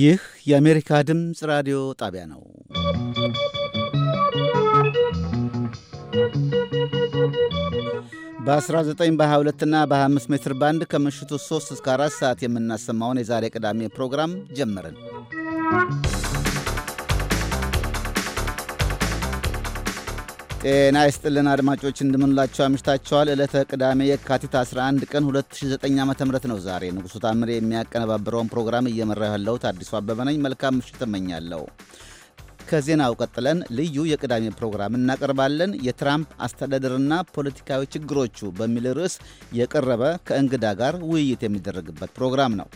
ይህ የአሜሪካ ድምፅ ራዲዮ ጣቢያ ነው። በ19 በ22 እና በ25 ሜትር ባንድ ከምሽቱ 3 እስከ 4 ሰዓት የምናሰማውን የዛሬ ቅዳሜ ፕሮግራም ጀመርን። ጤና ይስጥልን አድማጮች እንደምንላቸው አምሽታቸዋል። ዕለተ ቅዳሜ የካቲት 11 ቀን 2009 ዓ ም ነው ዛሬ። ንጉሱ ታምሬ የሚያቀነባብረውን ፕሮግራም እየመራ ያለሁት አዲሱ አበበ ነኝ። መልካም ምሽት እመኛለሁ። ከዜናው ቀጥለን ልዩ የቅዳሜ ፕሮግራም እናቀርባለን። የትራምፕ አስተዳደርና ፖለቲካዊ ችግሮቹ በሚል ርዕስ የቀረበ ከእንግዳ ጋር ውይይት የሚደረግበት ፕሮግራም ነው።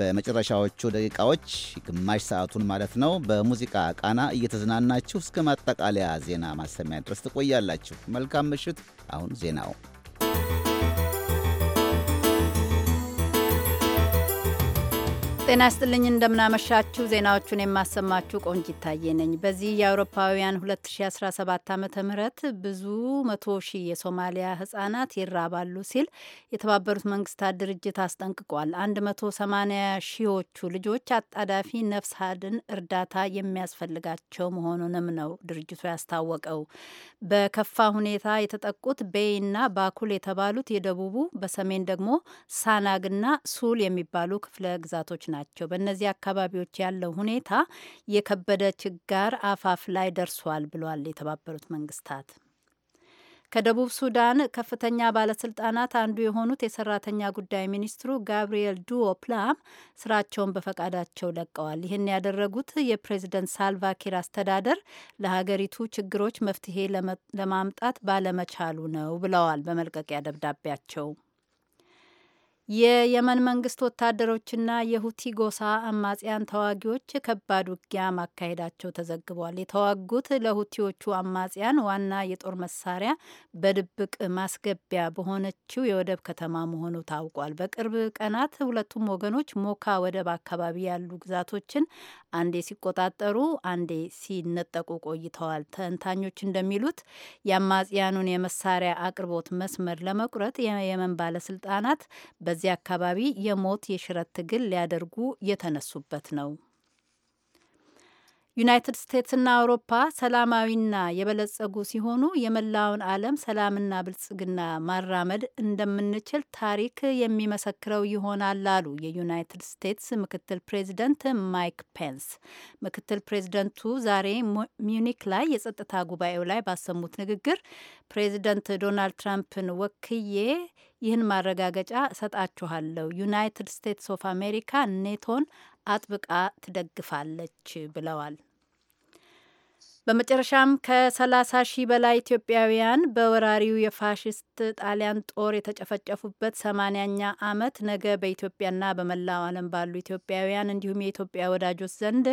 በመጨረሻዎቹ ደቂቃዎች ግማሽ ሰዓቱን ማለት ነው በሙዚቃ ቃና እየተዝናናችሁ እስከ ማጠቃለያ ዜና ማሰሚያ ድረስ ትቆያላችሁ። መልካም ምሽት። አሁን ዜናው ጤና ይስጥልኝ እንደምናመሻችሁ። ዜናዎቹን የማሰማችሁ ቆንጅ ይታየ ነኝ። በዚህ የአውሮፓውያን 2017 ዓ ም ብዙ መቶ ሺህ የሶማሊያ ህጻናት ይራባሉ ሲል የተባበሩት መንግስታት ድርጅት አስጠንቅቋል። 180 ሺዎቹ ልጆች አጣዳፊ ነፍስ አድን እርዳታ የሚያስፈልጋቸው መሆኑንም ነው ድርጅቱ ያስታወቀው። በከፋ ሁኔታ የተጠቁት ቤይና ባኩል የተባሉት የደቡቡ በሰሜን ደግሞ ሳናግና ሱል የሚባሉ ክፍለ ግዛቶች ናቸው። ናቸው። በእነዚህ አካባቢዎች ያለው ሁኔታ የከበደ ችጋር አፋፍ ላይ ደርሷል ብሏል የተባበሩት መንግስታት። ከደቡብ ሱዳን ከፍተኛ ባለስልጣናት አንዱ የሆኑት የሰራተኛ ጉዳይ ሚኒስትሩ ጋብርኤል ዱኦ ፕላም ስራቸውን በፈቃዳቸው ለቀዋል። ይህን ያደረጉት የፕሬዚደንት ሳልቫኪር አስተዳደር ለሀገሪቱ ችግሮች መፍትሄ ለማምጣት ባለመቻሉ ነው ብለዋል በመልቀቂያ ደብዳቤያቸው። የየመን መንግስት ወታደሮችና የሁቲ ጎሳ አማጽያን ተዋጊዎች ከባድ ውጊያ ማካሄዳቸው ተዘግቧል። የተዋጉት ለሁቲዎቹ አማጽያን ዋና የጦር መሳሪያ በድብቅ ማስገቢያ በሆነችው የወደብ ከተማ መሆኑ ታውቋል። በቅርብ ቀናት ሁለቱም ወገኖች ሞካ ወደብ አካባቢ ያሉ ግዛቶችን አንዴ ሲቆጣጠሩ፣ አንዴ ሲነጠቁ ቆይተዋል። ተንታኞች እንደሚሉት የአማጽያኑን የመሳሪያ አቅርቦት መስመር ለመቁረጥ የየመን ባለስልጣናት በዚህ አካባቢ የሞት የሽረት ትግል ሊያደርጉ የተነሱበት ነው። ዩናይትድ ስቴትስና አውሮፓ ሰላማዊና የበለጸጉ ሲሆኑ የመላውን ዓለም ሰላምና ብልጽግና ማራመድ እንደምንችል ታሪክ የሚመሰክረው ይሆናል አሉ የዩናይትድ ስቴትስ ምክትል ፕሬዚደንት ማይክ ፔንስ። ምክትል ፕሬዚደንቱ ዛሬ ሚዩኒክ ላይ የጸጥታ ጉባኤው ላይ ባሰሙት ንግግር ፕሬዚደንት ዶናልድ ትራምፕን ወክዬ ይህን ማረጋገጫ እሰጣችኋለሁ፣ ዩናይትድ ስቴትስ ኦፍ አሜሪካ ኔቶን አጥብቃ ትደግፋለች ብለዋል። በመጨረሻም ከ30 ሺህ በላይ ኢትዮጵያውያን በወራሪው የፋሽስት ጣሊያን ጦር የተጨፈጨፉበት 80ኛ ዓመት ነገ በኢትዮጵያና በመላው ዓለም ባሉ ኢትዮጵያውያን እንዲሁም የኢትዮጵያ ወዳጆች ዘንድ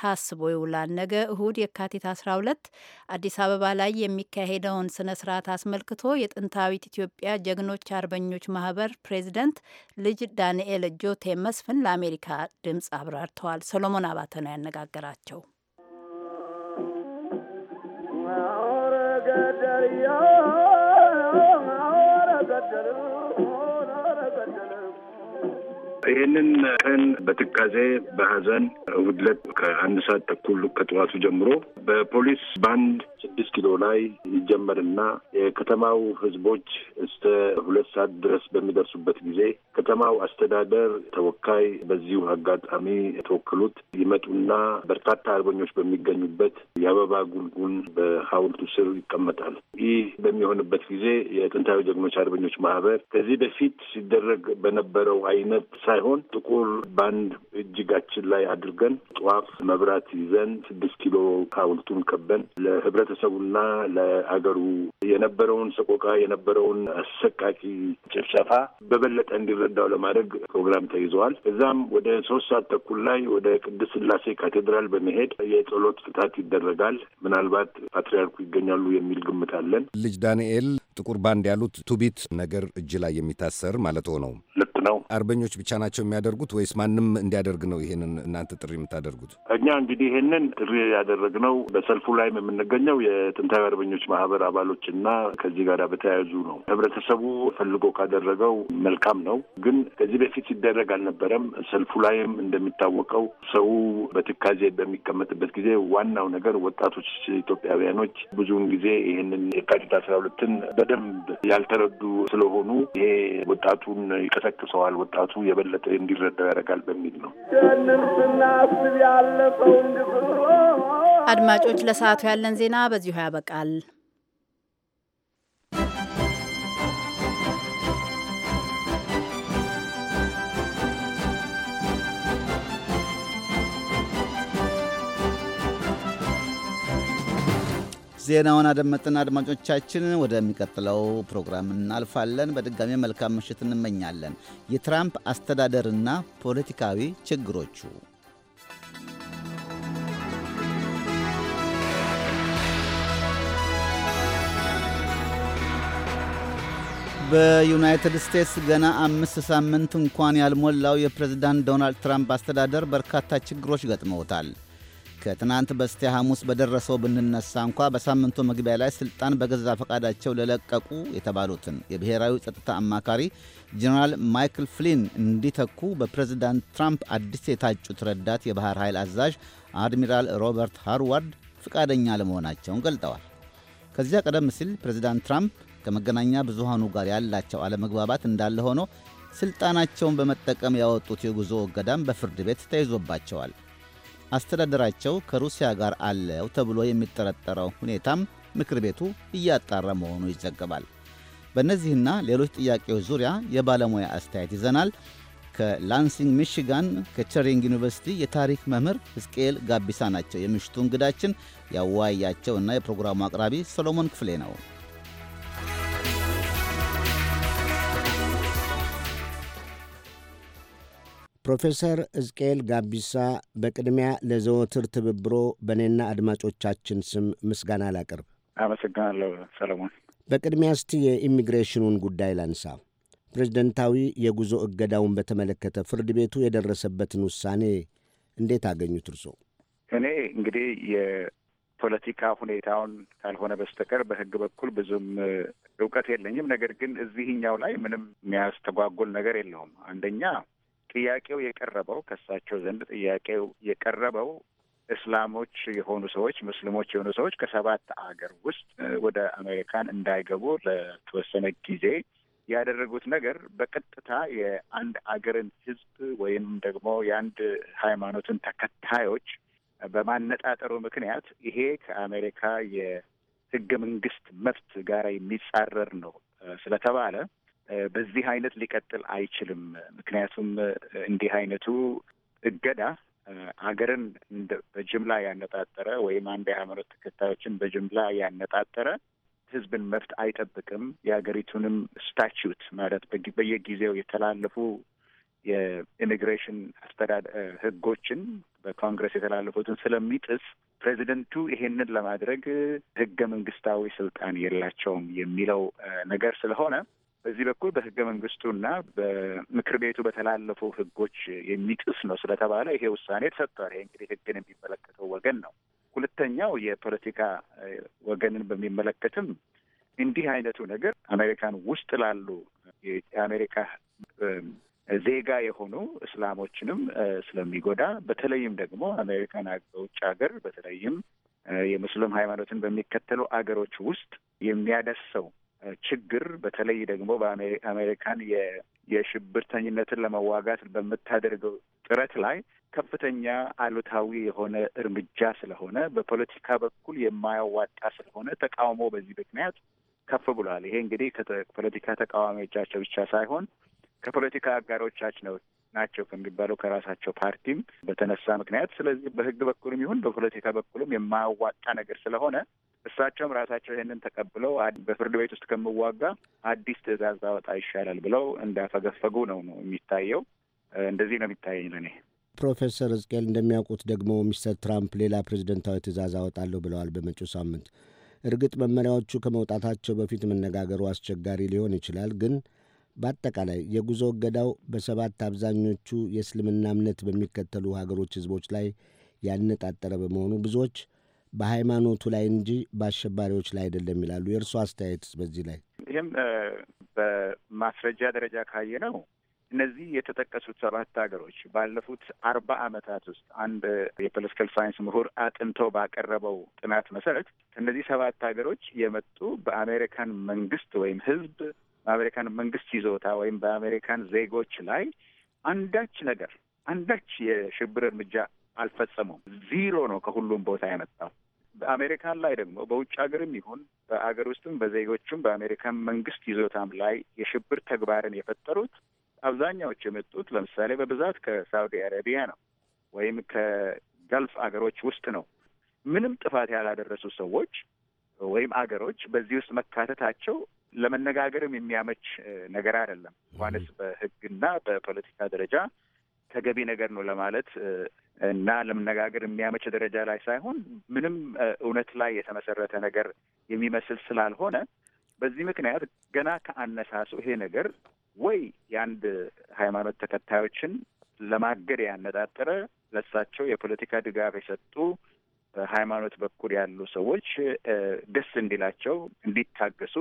ታስቦ ይውላል። ነገ እሁድ የካቲት 12 አዲስ አበባ ላይ የሚካሄደውን ስነ ስርዓት አስመልክቶ የጥንታዊት ኢትዮጵያ ጀግኖች አርበኞች ማህበር ፕሬዚደንት ልጅ ዳንኤል ጆቴ መስፍን ለአሜሪካ ድምፅ አብራርተዋል። ሰሎሞን አባተ ነው ያነጋገራቸው። ይህንን ቀን በትካዜ በሀዘን ውድለት ከአንድ ሰዓት ተኩል ከጠዋቱ ጀምሮ በፖሊስ ባንድ ስድስት ኪሎ ላይ ይጀመርና የከተማው ህዝቦች እስከ ሁለት ሰዓት ድረስ በሚደርሱበት ጊዜ ከተማው አስተዳደር ተወካይ በዚሁ አጋጣሚ የተወክሉት ይመጡና በርካታ አርበኞች በሚገኙበት የአበባ ጉልጉል በሐውልቱ ስር ይቀመጣል። ይህ በሚሆንበት ጊዜ የጥንታዊ ጀግኖች አርበኞች ማህበር ከዚህ በፊት ሲደረግ በነበረው አይነት ሳይሆን ጥቁር ባንድ እጅጋችን ላይ አድርገን ጧፍ መብራት ይዘን ስድስት ኪሎ ሐውልቱን ከበን ለህብረት ለህብረተሰቡና ለአገሩ የነበረውን ሰቆቃ የነበረውን አሰቃቂ ጭፍጨፋ በበለጠ እንዲረዳው ለማድረግ ፕሮግራም ተይዘዋል። እዛም ወደ ሶስት ሰዓት ተኩል ላይ ወደ ቅድስት ስላሴ ካቴድራል በመሄድ የጸሎት ፍታት ይደረጋል። ምናልባት ፓትሪያርኩ ይገኛሉ የሚል ግምት አለን። ልጅ ዳንኤል ጥቁር ባንድ ያሉት ቱቢት ነገር እጅ ላይ የሚታሰር ማለት ሆነው ነው። አርበኞች ብቻ ናቸው የሚያደርጉት ወይስ ማንም እንዲያደርግ ነው? ይሄንን እናንተ ጥሪ የምታደርጉት? እኛ እንግዲህ ይሄንን ጥሪ ያደረግነው በሰልፉ ላይም የምንገኘው የጥንታዊ አርበኞች ማህበር አባሎች እና ከዚህ ጋር በተያያዙ ነው። ህብረተሰቡ ፈልጎ ካደረገው መልካም ነው፣ ግን ከዚህ በፊት ሲደረግ አልነበረም። ሰልፉ ላይም እንደሚታወቀው ሰው በትካዜ በሚቀመጥበት ጊዜ ዋናው ነገር ወጣቶች ኢትዮጵያውያኖች ብዙውን ጊዜ ይህንን የካቲት አስራ ሁለትን በደንብ ያልተረዱ ስለሆኑ ይሄ ወጣቱን ይቀሰቅሳል ያስታውሰዋል፣ ወጣቱ የበለጠ እንዲረዳው ያደርጋል በሚል ነው። አድማጮች፣ ለሰዓቱ ያለን ዜና በዚሁ ያበቃል። ዜናውን አደመጥን። አድማጮቻችን ወደሚቀጥለው ፕሮግራም እናልፋለን። በድጋሚ መልካም ምሽት እንመኛለን። የትራምፕ አስተዳደርና ፖለቲካዊ ችግሮቹ በዩናይትድ ስቴትስ ገና አምስት ሳምንት እንኳን ያልሞላው የፕሬዝዳንት ዶናልድ ትራምፕ አስተዳደር በርካታ ችግሮች ገጥመውታል። ከትናንት በስቲያ ሐሙስ በደረሰው ብንነሳ እንኳ በሳምንቱ መግቢያ ላይ ስልጣን በገዛ ፈቃዳቸው ለለቀቁ የተባሉትን የብሔራዊ ጸጥታ አማካሪ ጀኔራል ማይክል ፍሊን እንዲተኩ በፕሬዚዳንት ትራምፕ አዲስ የታጩት ረዳት የባህር ኃይል አዛዥ አድሚራል ሮበርት ሃርዋርድ ፍቃደኛ ለመሆናቸውን ገልጠዋል። ከዚያ ቀደም ሲል ፕሬዚዳንት ትራምፕ ከመገናኛ ብዙሃኑ ጋር ያላቸው አለመግባባት እንዳለ ሆኖ ስልጣናቸውን በመጠቀም ያወጡት የጉዞ እገዳም በፍርድ ቤት ተይዞባቸዋል። አስተዳደራቸው ከሩሲያ ጋር አለው ተብሎ የሚጠረጠረው ሁኔታም ምክር ቤቱ እያጣራ መሆኑ ይዘገባል። በእነዚህና ሌሎች ጥያቄዎች ዙሪያ የባለሙያ አስተያየት ይዘናል። ከላንሲንግ ሚሽጋን ከቸሪንግ ዩኒቨርሲቲ የታሪክ መምህር ሕዝቅኤል ጋቢሳ ናቸው የምሽቱ እንግዳችን። ያወያያቸው እና የፕሮግራሙ አቅራቢ ሰሎሞን ክፍሌ ነው። ፕሮፌሰር እዝቅኤል ጋቢሳ በቅድሚያ ለዘወትር ትብብሮ በእኔና አድማጮቻችን ስም ምስጋና ላቅርብ። አመሰግናለሁ ሰለሞን። በቅድሚያ እስቲ የኢሚግሬሽኑን ጉዳይ ላንሳ። ፕሬዝደንታዊ የጉዞ እገዳውን በተመለከተ ፍርድ ቤቱ የደረሰበትን ውሳኔ እንዴት አገኙት እርሶ? እኔ እንግዲህ የፖለቲካ ሁኔታውን ካልሆነ በስተቀር በህግ በኩል ብዙም እውቀት የለኝም። ነገር ግን እዚህኛው ላይ ምንም የሚያስተጓጉል ነገር የለውም። አንደኛ ጥያቄው የቀረበው ከእሳቸው ዘንድ ጥያቄው የቀረበው እስላሞች የሆኑ ሰዎች ሙስሊሞች የሆኑ ሰዎች ከሰባት አገር ውስጥ ወደ አሜሪካን እንዳይገቡ ለተወሰነ ጊዜ ያደረጉት ነገር በቀጥታ የአንድ አገርን ሕዝብ ወይም ደግሞ የአንድ ሃይማኖትን ተከታዮች በማነጣጠሩ ምክንያት ይሄ ከአሜሪካ የሕገ መንግስት መብት ጋር የሚጻረር ነው ስለተባለ በዚህ አይነት ሊቀጥል አይችልም። ምክንያቱም እንዲህ አይነቱ እገዳ አገርን በጅምላ ያነጣጠረ ወይም አንድ የሃይማኖት ተከታዮችን በጅምላ ያነጣጠረ ህዝብን መብት አይጠብቅም። የሀገሪቱንም ስታቹት ማለት በየጊዜው የተላለፉ የኢሚግሬሽን አስተዳደር ህጎችን በኮንግረስ የተላለፉትን ስለሚጥስ ፕሬዚደንቱ ይሄንን ለማድረግ ህገ መንግስታዊ ስልጣን የላቸውም የሚለው ነገር ስለሆነ በዚህ በኩል በህገ መንግስቱና በምክር ቤቱ በተላለፉ ህጎች የሚጥስ ነው ስለተባለ ይሄ ውሳኔ ተሰጥቷል። ይሄ እንግዲህ ህግን የሚመለከተው ወገን ነው። ሁለተኛው የፖለቲካ ወገንን በሚመለከትም እንዲህ አይነቱ ነገር አሜሪካን ውስጥ ላሉ የአሜሪካ ዜጋ የሆኑ እስላሞችንም ስለሚጎዳ በተለይም ደግሞ አሜሪካን በውጭ ሀገር በተለይም የሙስሊም ሃይማኖትን በሚከተሉ አገሮች ውስጥ የሚያደሰው ችግር በተለይ ደግሞ በአሜሪካን የሽብርተኝነትን ለመዋጋት በምታደርገው ጥረት ላይ ከፍተኛ አሉታዊ የሆነ እርምጃ ስለሆነ በፖለቲካ በኩል የማያዋጣ ስለሆነ ተቃውሞ በዚህ ምክንያት ከፍ ብሏል። ይሄ እንግዲህ ከፖለቲካ ተቃዋሚዎቻቸው ብቻ ሳይሆን ከፖለቲካ ነው ናቸው ከሚባለው ከራሳቸው ፓርቲም በተነሳ ምክንያት ስለዚህ በህግ በኩልም ይሁን በፖለቲካ በኩልም የማያዋጣ ነገር ስለሆነ እሳቸውም ራሳቸው ይህንን ተቀብለው በፍርድ ቤት ውስጥ ከምዋጋ አዲስ ትዕዛዝ አወጣ ይሻላል ብለው እንዳፈገፈጉ ነው ነው የሚታየው። እንደዚህ ነው የሚታየኝ ለእኔ። ፕሮፌሰር ሕዝቅኤል እንደሚያውቁት ደግሞ ሚስተር ትራምፕ ሌላ ፕሬዝደንታዊ ትዕዛዝ አወጣለሁ ብለዋል በመጪው ሳምንት። እርግጥ መመሪያዎቹ ከመውጣታቸው በፊት መነጋገሩ አስቸጋሪ ሊሆን ይችላል። ግን በአጠቃላይ የጉዞ እገዳው በሰባት አብዛኞቹ የእስልምና እምነት በሚከተሉ ሀገሮች ህዝቦች ላይ ያነጣጠረ በመሆኑ ብዙዎች በሃይማኖቱ ላይ እንጂ በአሸባሪዎች ላይ አይደለም ይላሉ። የእርሶ አስተያየት በዚህ ላይ? ይህም በማስረጃ ደረጃ ካየ ነው እነዚህ የተጠቀሱት ሰባት ሀገሮች ባለፉት አርባ ዓመታት ውስጥ አንድ የፖለቲካል ሳይንስ ምሁር አጥንቶ ባቀረበው ጥናት መሰረት እነዚህ ሰባት ሀገሮች የመጡ በአሜሪካን መንግስት ወይም ህዝብ በአሜሪካን መንግስት ይዞታ ወይም በአሜሪካን ዜጎች ላይ አንዳች ነገር አንዳች የሽብር እርምጃ አልፈጸሙም። ዚሮ ነው ከሁሉም ቦታ ያመጣው። በአሜሪካን ላይ ደግሞ በውጭ ሀገርም ይሁን በአገር ውስጥም በዜጎቹም በአሜሪካን መንግስት ይዞታም ላይ የሽብር ተግባርን የፈጠሩት አብዛኛዎች የመጡት ለምሳሌ በብዛት ከሳውዲ አረቢያ ነው ወይም ከገልፍ አገሮች ውስጥ ነው። ምንም ጥፋት ያላደረሱ ሰዎች ወይም አገሮች በዚህ ውስጥ መካተታቸው ለመነጋገርም የሚያመች ነገር አይደለም። እንኳንስ በህግና በፖለቲካ ደረጃ ተገቢ ነገር ነው ለማለት እና ለመነጋገር የሚያመች ደረጃ ላይ ሳይሆን ምንም እውነት ላይ የተመሰረተ ነገር የሚመስል ስላልሆነ በዚህ ምክንያት ገና ከአነሳሱ ይሄ ነገር ወይ የአንድ ሃይማኖት ተከታዮችን ለማገድ ያነጣጠረ ለሳቸው የፖለቲካ ድጋፍ የሰጡ ሃይማኖት በኩል ያሉ ሰዎች ደስ እንዲላቸው እንዲታገሱ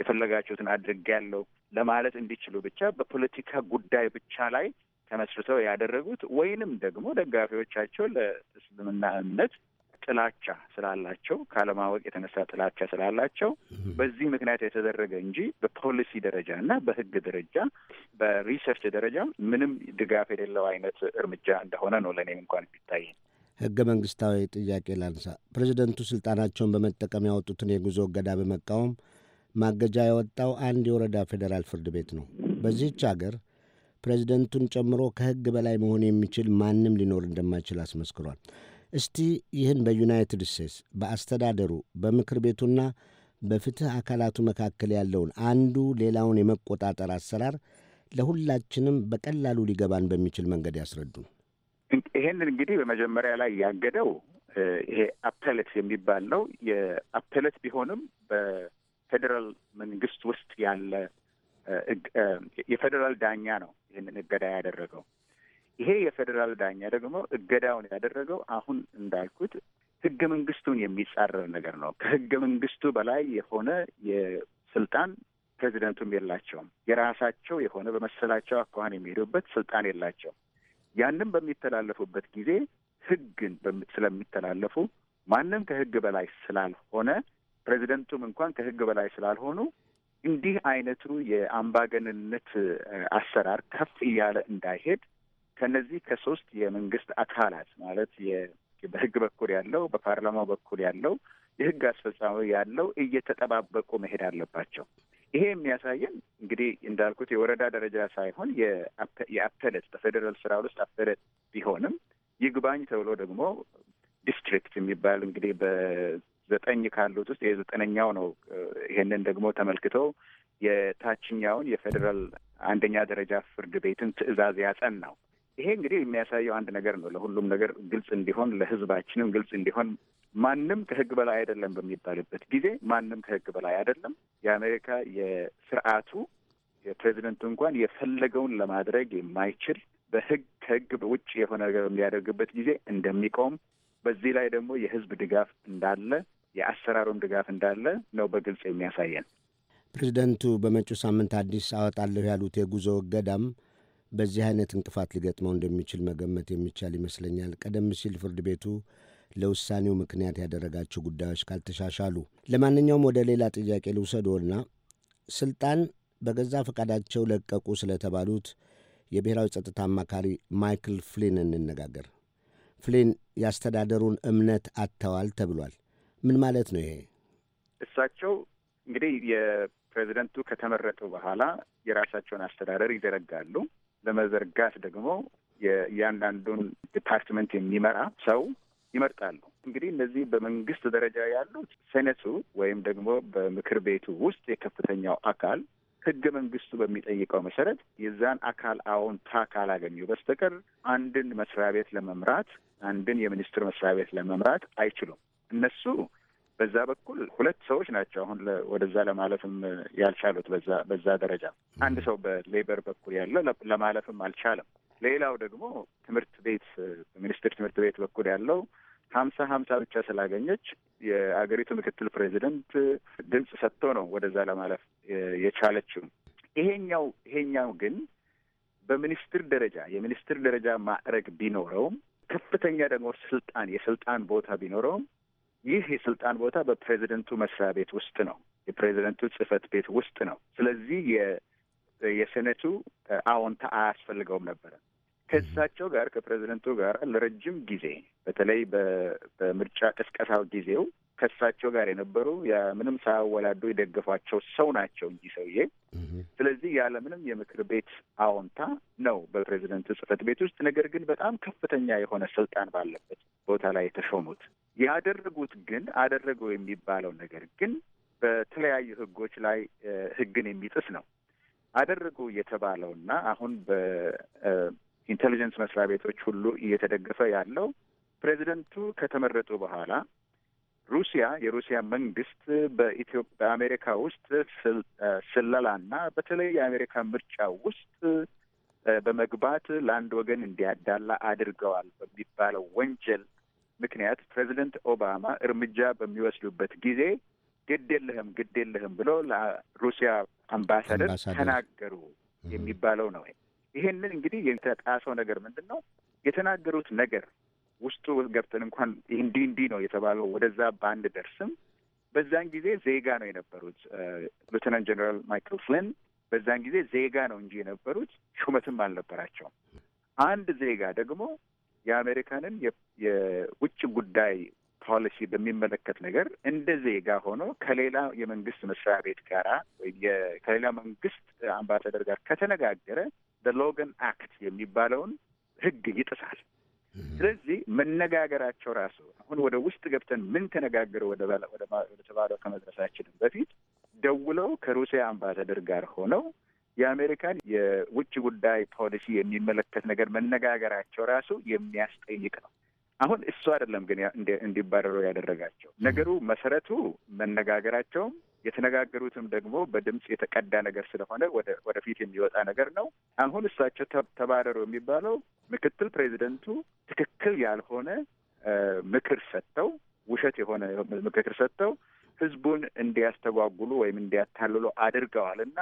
የፈለጋችሁትን አድርጌያለሁ ለማለት እንዲችሉ ብቻ በፖለቲካ ጉዳይ ብቻ ላይ ተመስርተው ያደረጉት ወይንም ደግሞ ደጋፊዎቻቸው ለእስልምና እምነት ጥላቻ ስላላቸው ካለማወቅ የተነሳ ጥላቻ ስላላቸው በዚህ ምክንያት የተደረገ እንጂ በፖሊሲ ደረጃ እና በሕግ ደረጃ በሪሰርች ደረጃ ምንም ድጋፍ የሌለው አይነት እርምጃ እንደሆነ ነው ለእኔም እንኳን ቢታይ። ሕገ መንግስታዊ ጥያቄ ላንሳ። ፕሬዚደንቱ ስልጣናቸውን በመጠቀም ያወጡትን የጉዞ እገዳ በመቃወም ማገጃ የወጣው አንድ የወረዳ ፌዴራል ፍርድ ቤት ነው። በዚህች ሀገር ፕሬዚደንቱን ጨምሮ ከሕግ በላይ መሆን የሚችል ማንም ሊኖር እንደማይችል አስመስክሯል። እስቲ ይህን በዩናይትድ ስቴትስ በአስተዳደሩ በምክር ቤቱና በፍትህ አካላቱ መካከል ያለውን አንዱ ሌላውን የመቆጣጠር አሰራር ለሁላችንም በቀላሉ ሊገባን በሚችል መንገድ ያስረዱን። ይሄንን እንግዲህ በመጀመሪያ ላይ ያገደው ይሄ አፔሌት የሚባል ነው። የአፔሌት ቢሆንም በፌዴራል መንግስት ውስጥ ያለ የፌዴራል ዳኛ ነው ይህንን እገዳ ያደረገው። ይሄ የፌዴራል ዳኛ ደግሞ እገዳውን ያደረገው አሁን እንዳልኩት ህገ መንግስቱን የሚጻረር ነገር ነው። ከህገ መንግስቱ በላይ የሆነ የስልጣን ፕሬዚደንቱም የላቸውም። የራሳቸው የሆነ በመሰላቸው አኳኋን የሚሄዱበት ስልጣን የላቸውም። ያንም በሚተላለፉበት ጊዜ ህግን ስለሚተላለፉ ማንም ከህግ በላይ ስላልሆነ ፕሬዚደንቱም እንኳን ከህግ በላይ ስላልሆኑ እንዲህ አይነቱ የአምባገንነት አሰራር ከፍ እያለ እንዳይሄድ ከነዚህ ከሶስት የመንግስት አካላት ማለት በህግ በኩል ያለው፣ በፓርላማው በኩል ያለው፣ የህግ አስፈጻሚ ያለው እየተጠባበቁ መሄድ አለባቸው። ይሄ የሚያሳየን እንግዲህ እንዳልኩት የወረዳ ደረጃ ሳይሆን የአፐለት በፌዴራል ስራ ውስጥ አፐለት ቢሆንም ይግባኝ ተብሎ ደግሞ ዲስትሪክት የሚባል እንግዲህ ዘጠኝ ካሉት ውስጥ የዘጠነኛው ነው። ይሄንን ደግሞ ተመልክቶ የታችኛውን የፌዴራል አንደኛ ደረጃ ፍርድ ቤትን ትዕዛዝ ያጸናው። ይሄ እንግዲህ የሚያሳየው አንድ ነገር ነው። ለሁሉም ነገር ግልጽ እንዲሆን፣ ለህዝባችንም ግልጽ እንዲሆን ማንም ከህግ በላይ አይደለም በሚባልበት ጊዜ ማንም ከህግ በላይ አይደለም። የአሜሪካ የስርዓቱ የፕሬዚደንቱ እንኳን የፈለገውን ለማድረግ የማይችል በህግ ከህግ ውጭ የሆነ ነገር በሚያደርግበት ጊዜ እንደሚቆም በዚህ ላይ ደግሞ የህዝብ ድጋፍ እንዳለ የአሰራሩን ድጋፍ እንዳለ ነው በግልጽ የሚያሳየን። ፕሬዚደንቱ በመጪው ሳምንት አዲስ አወጣለሁ ያሉት የጉዞ እገዳም በዚህ አይነት እንቅፋት ሊገጥመው እንደሚችል መገመት የሚቻል ይመስለኛል። ቀደም ሲል ፍርድ ቤቱ ለውሳኔው ምክንያት ያደረጋቸው ጉዳዮች ካልተሻሻሉ። ለማንኛውም ወደ ሌላ ጥያቄ ልውሰዶና ስልጣን በገዛ ፈቃዳቸው ለቀቁ ስለተባሉት የብሔራዊ ጸጥታ አማካሪ ማይክል ፍሊን እንነጋገር። ፍሊን የአስተዳደሩን እምነት አጥተዋል ተብሏል። ምን ማለት ነው ይሄ? እሳቸው እንግዲህ የፕሬዚደንቱ ከተመረጡ በኋላ የራሳቸውን አስተዳደር ይዘረጋሉ። ለመዘርጋት ደግሞ የእያንዳንዱን ዲፓርትመንት የሚመራ ሰው ይመርጣሉ። እንግዲህ እነዚህ በመንግስት ደረጃ ያሉት ሴኔቱ ወይም ደግሞ በምክር ቤቱ ውስጥ የከፍተኛው አካል ህገ መንግስቱ በሚጠይቀው መሰረት የዛን አካል አዎንታ ካላገኙ በስተቀር አንድን መስሪያ ቤት ለመምራት አንድን የሚኒስትር መስሪያ ቤት ለመምራት አይችሉም። እነሱ በዛ በኩል ሁለት ሰዎች ናቸው አሁን ወደዛ ለማለፍም ያልቻሉት። በዛ በዛ ደረጃ አንድ ሰው በሌበር በኩል ያለው ለማለፍም አልቻለም። ሌላው ደግሞ ትምህርት ቤት ሚኒስትር ትምህርት ቤት በኩል ያለው ሀምሳ ሀምሳ ብቻ ስላገኘች የአገሪቱ ምክትል ፕሬዚደንት ድምፅ ሰጥቶ ነው ወደዛ ለማለፍ የቻለችው። ይሄኛው ይሄኛው ግን በሚኒስትር ደረጃ የሚኒስትር ደረጃ ማዕረግ ቢኖረውም ከፍተኛ ደግሞ ስልጣን የስልጣን ቦታ ቢኖረውም ይህ የስልጣን ቦታ በፕሬዚደንቱ መስሪያ ቤት ውስጥ ነው፣ የፕሬዚደንቱ ጽህፈት ቤት ውስጥ ነው። ስለዚህ የሴኔቱ አዎንታ አያስፈልገውም ነበረ። ከእሳቸው ጋር ከፕሬዚደንቱ ጋር ለረጅም ጊዜ በተለይ በምርጫ ቅስቀሳው ጊዜው ከእሳቸው ጋር የነበሩ ምንም ሳያወላዱ የደገፏቸው ሰው ናቸው እንጂ ሰውዬ። ስለዚህ ያለምንም የምክር ቤት አዎንታ ነው በፕሬዚደንቱ ጽህፈት ቤት ውስጥ ነገር ግን በጣም ከፍተኛ የሆነ ስልጣን ባለበት ቦታ ላይ የተሾሙት። ያደረጉት ግን አደረገው የሚባለው ነገር ግን በተለያዩ ህጎች ላይ ህግን የሚጥስ ነው። አደረጉ እና አሁን በኢንቴሊጀንስ መስሪያ ቤቶች ሁሉ እየተደገፈ ያለው ፕሬዚደንቱ ከተመረጡ በኋላ ሩሲያ የሩሲያ መንግስት በኢትዮጵያ በአሜሪካ ውስጥ ስለላና በተለይ የአሜሪካ ምርጫ ውስጥ በመግባት ለአንድ ወገን እንዲያዳላ አድርገዋል በሚባለው ወንጀል ምክንያት ፕሬዚደንት ኦባማ እርምጃ በሚወስዱበት ጊዜ ግድ የለህም ግድ የለህም ብሎ ለሩሲያ አምባሳደር ተናገሩ የሚባለው ነው። ይሄንን እንግዲህ የተጣሰው ነገር ምንድን ነው? የተናገሩት ነገር ውስጡ ገብተን እንኳን እንዲህ እንዲህ ነው የተባለው ወደዛ በአንድ ደርስም በዛን ጊዜ ዜጋ ነው የነበሩት ሌተናንት ጀኔራል ማይክል ፍሊን በዛን ጊዜ ዜጋ ነው እንጂ የነበሩት ሹመትም አልነበራቸውም። አንድ ዜጋ ደግሞ የአሜሪካንን የውጭ ጉዳይ ፖሊሲ በሚመለከት ነገር እንደ ዜጋ ሆኖ ከሌላ የመንግስት መስሪያ ቤት ጋር ወይም ከሌላ መንግስት አምባሳደር ጋር ከተነጋገረ ሎገን አክት የሚባለውን ህግ ይጥሳል። ስለዚህ መነጋገራቸው ራሱ አሁን ወደ ውስጥ ገብተን ምን ተነጋገረ ወደ ተባለው ከመድረሳችንም በፊት ደውለው ከሩሲያ አምባሳደር ጋር ሆነው የአሜሪካን የውጭ ጉዳይ ፖሊሲ የሚመለከት ነገር መነጋገራቸው ራሱ የሚያስጠይቅ ነው። አሁን እሱ አይደለም ግን እንዲባረሩ ያደረጋቸው ነገሩ መሰረቱ መነጋገራቸውም የተነጋገሩትም ደግሞ በድምፅ የተቀዳ ነገር ስለሆነ ወደፊት የሚወጣ ነገር ነው። አሁን እሳቸው ተባረሩ የሚባለው ምክትል ፕሬዚደንቱ ትክክል ያልሆነ ምክር ሰጥተው ውሸት የሆነ ምክር ሰጥተው ህዝቡን እንዲያስተጓጉሉ ወይም እንዲያታልሉ አድርገዋል እና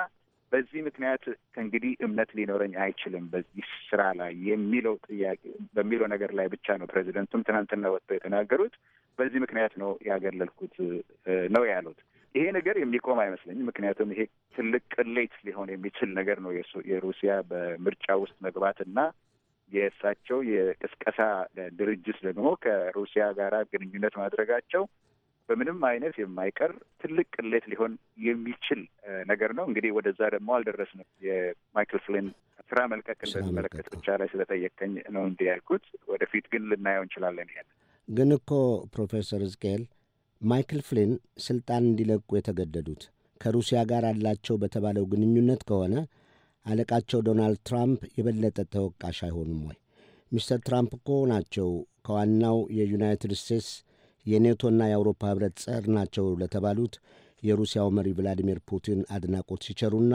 በዚህ ምክንያት ከእንግዲህ እምነት ሊኖረኝ አይችልም በዚህ ስራ ላይ የሚለው ጥያቄ በሚለው ነገር ላይ ብቻ ነው ፕሬዚደንቱም ትናንትና ወጥተው የተናገሩት። በዚህ ምክንያት ነው ያገለልኩት ነው ያሉት። ይሄ ነገር የሚቆም አይመስለኝም። ምክንያቱም ይሄ ትልቅ ቅሌት ሊሆን የሚችል ነገር ነው የሩሲያ በምርጫ ውስጥ መግባት እና የእሳቸው የቅስቀሳ ድርጅት ደግሞ ከሩሲያ ጋራ ግንኙነት ማድረጋቸው በምንም አይነት የማይቀር ትልቅ ቅሌት ሊሆን የሚችል ነገር ነው። እንግዲህ ወደዛ ደግሞ አልደረስንም። የማይክል ፍሊን ስራ መልቀቅ እንደተመለከት ብቻ ላይ ስለጠየቀኝ ነው እንዲህ ያልኩት። ወደፊት ግን ልናየው እንችላለን። ይሄን ግን እኮ ፕሮፌሰር ሕዝቅኤል ማይክል ፍሊን ስልጣን እንዲለቁ የተገደዱት ከሩሲያ ጋር አላቸው በተባለው ግንኙነት ከሆነ አለቃቸው ዶናልድ ትራምፕ የበለጠ ተወቃሽ አይሆኑም ወይ? ሚስተር ትራምፕ እኮ ናቸው ከዋናው የዩናይትድ ስቴትስ የኔቶና የአውሮፓ ኅብረት ጸር ናቸው ለተባሉት የሩሲያው መሪ ቭላዲሚር ፑቲን አድናቆት ሲቸሩና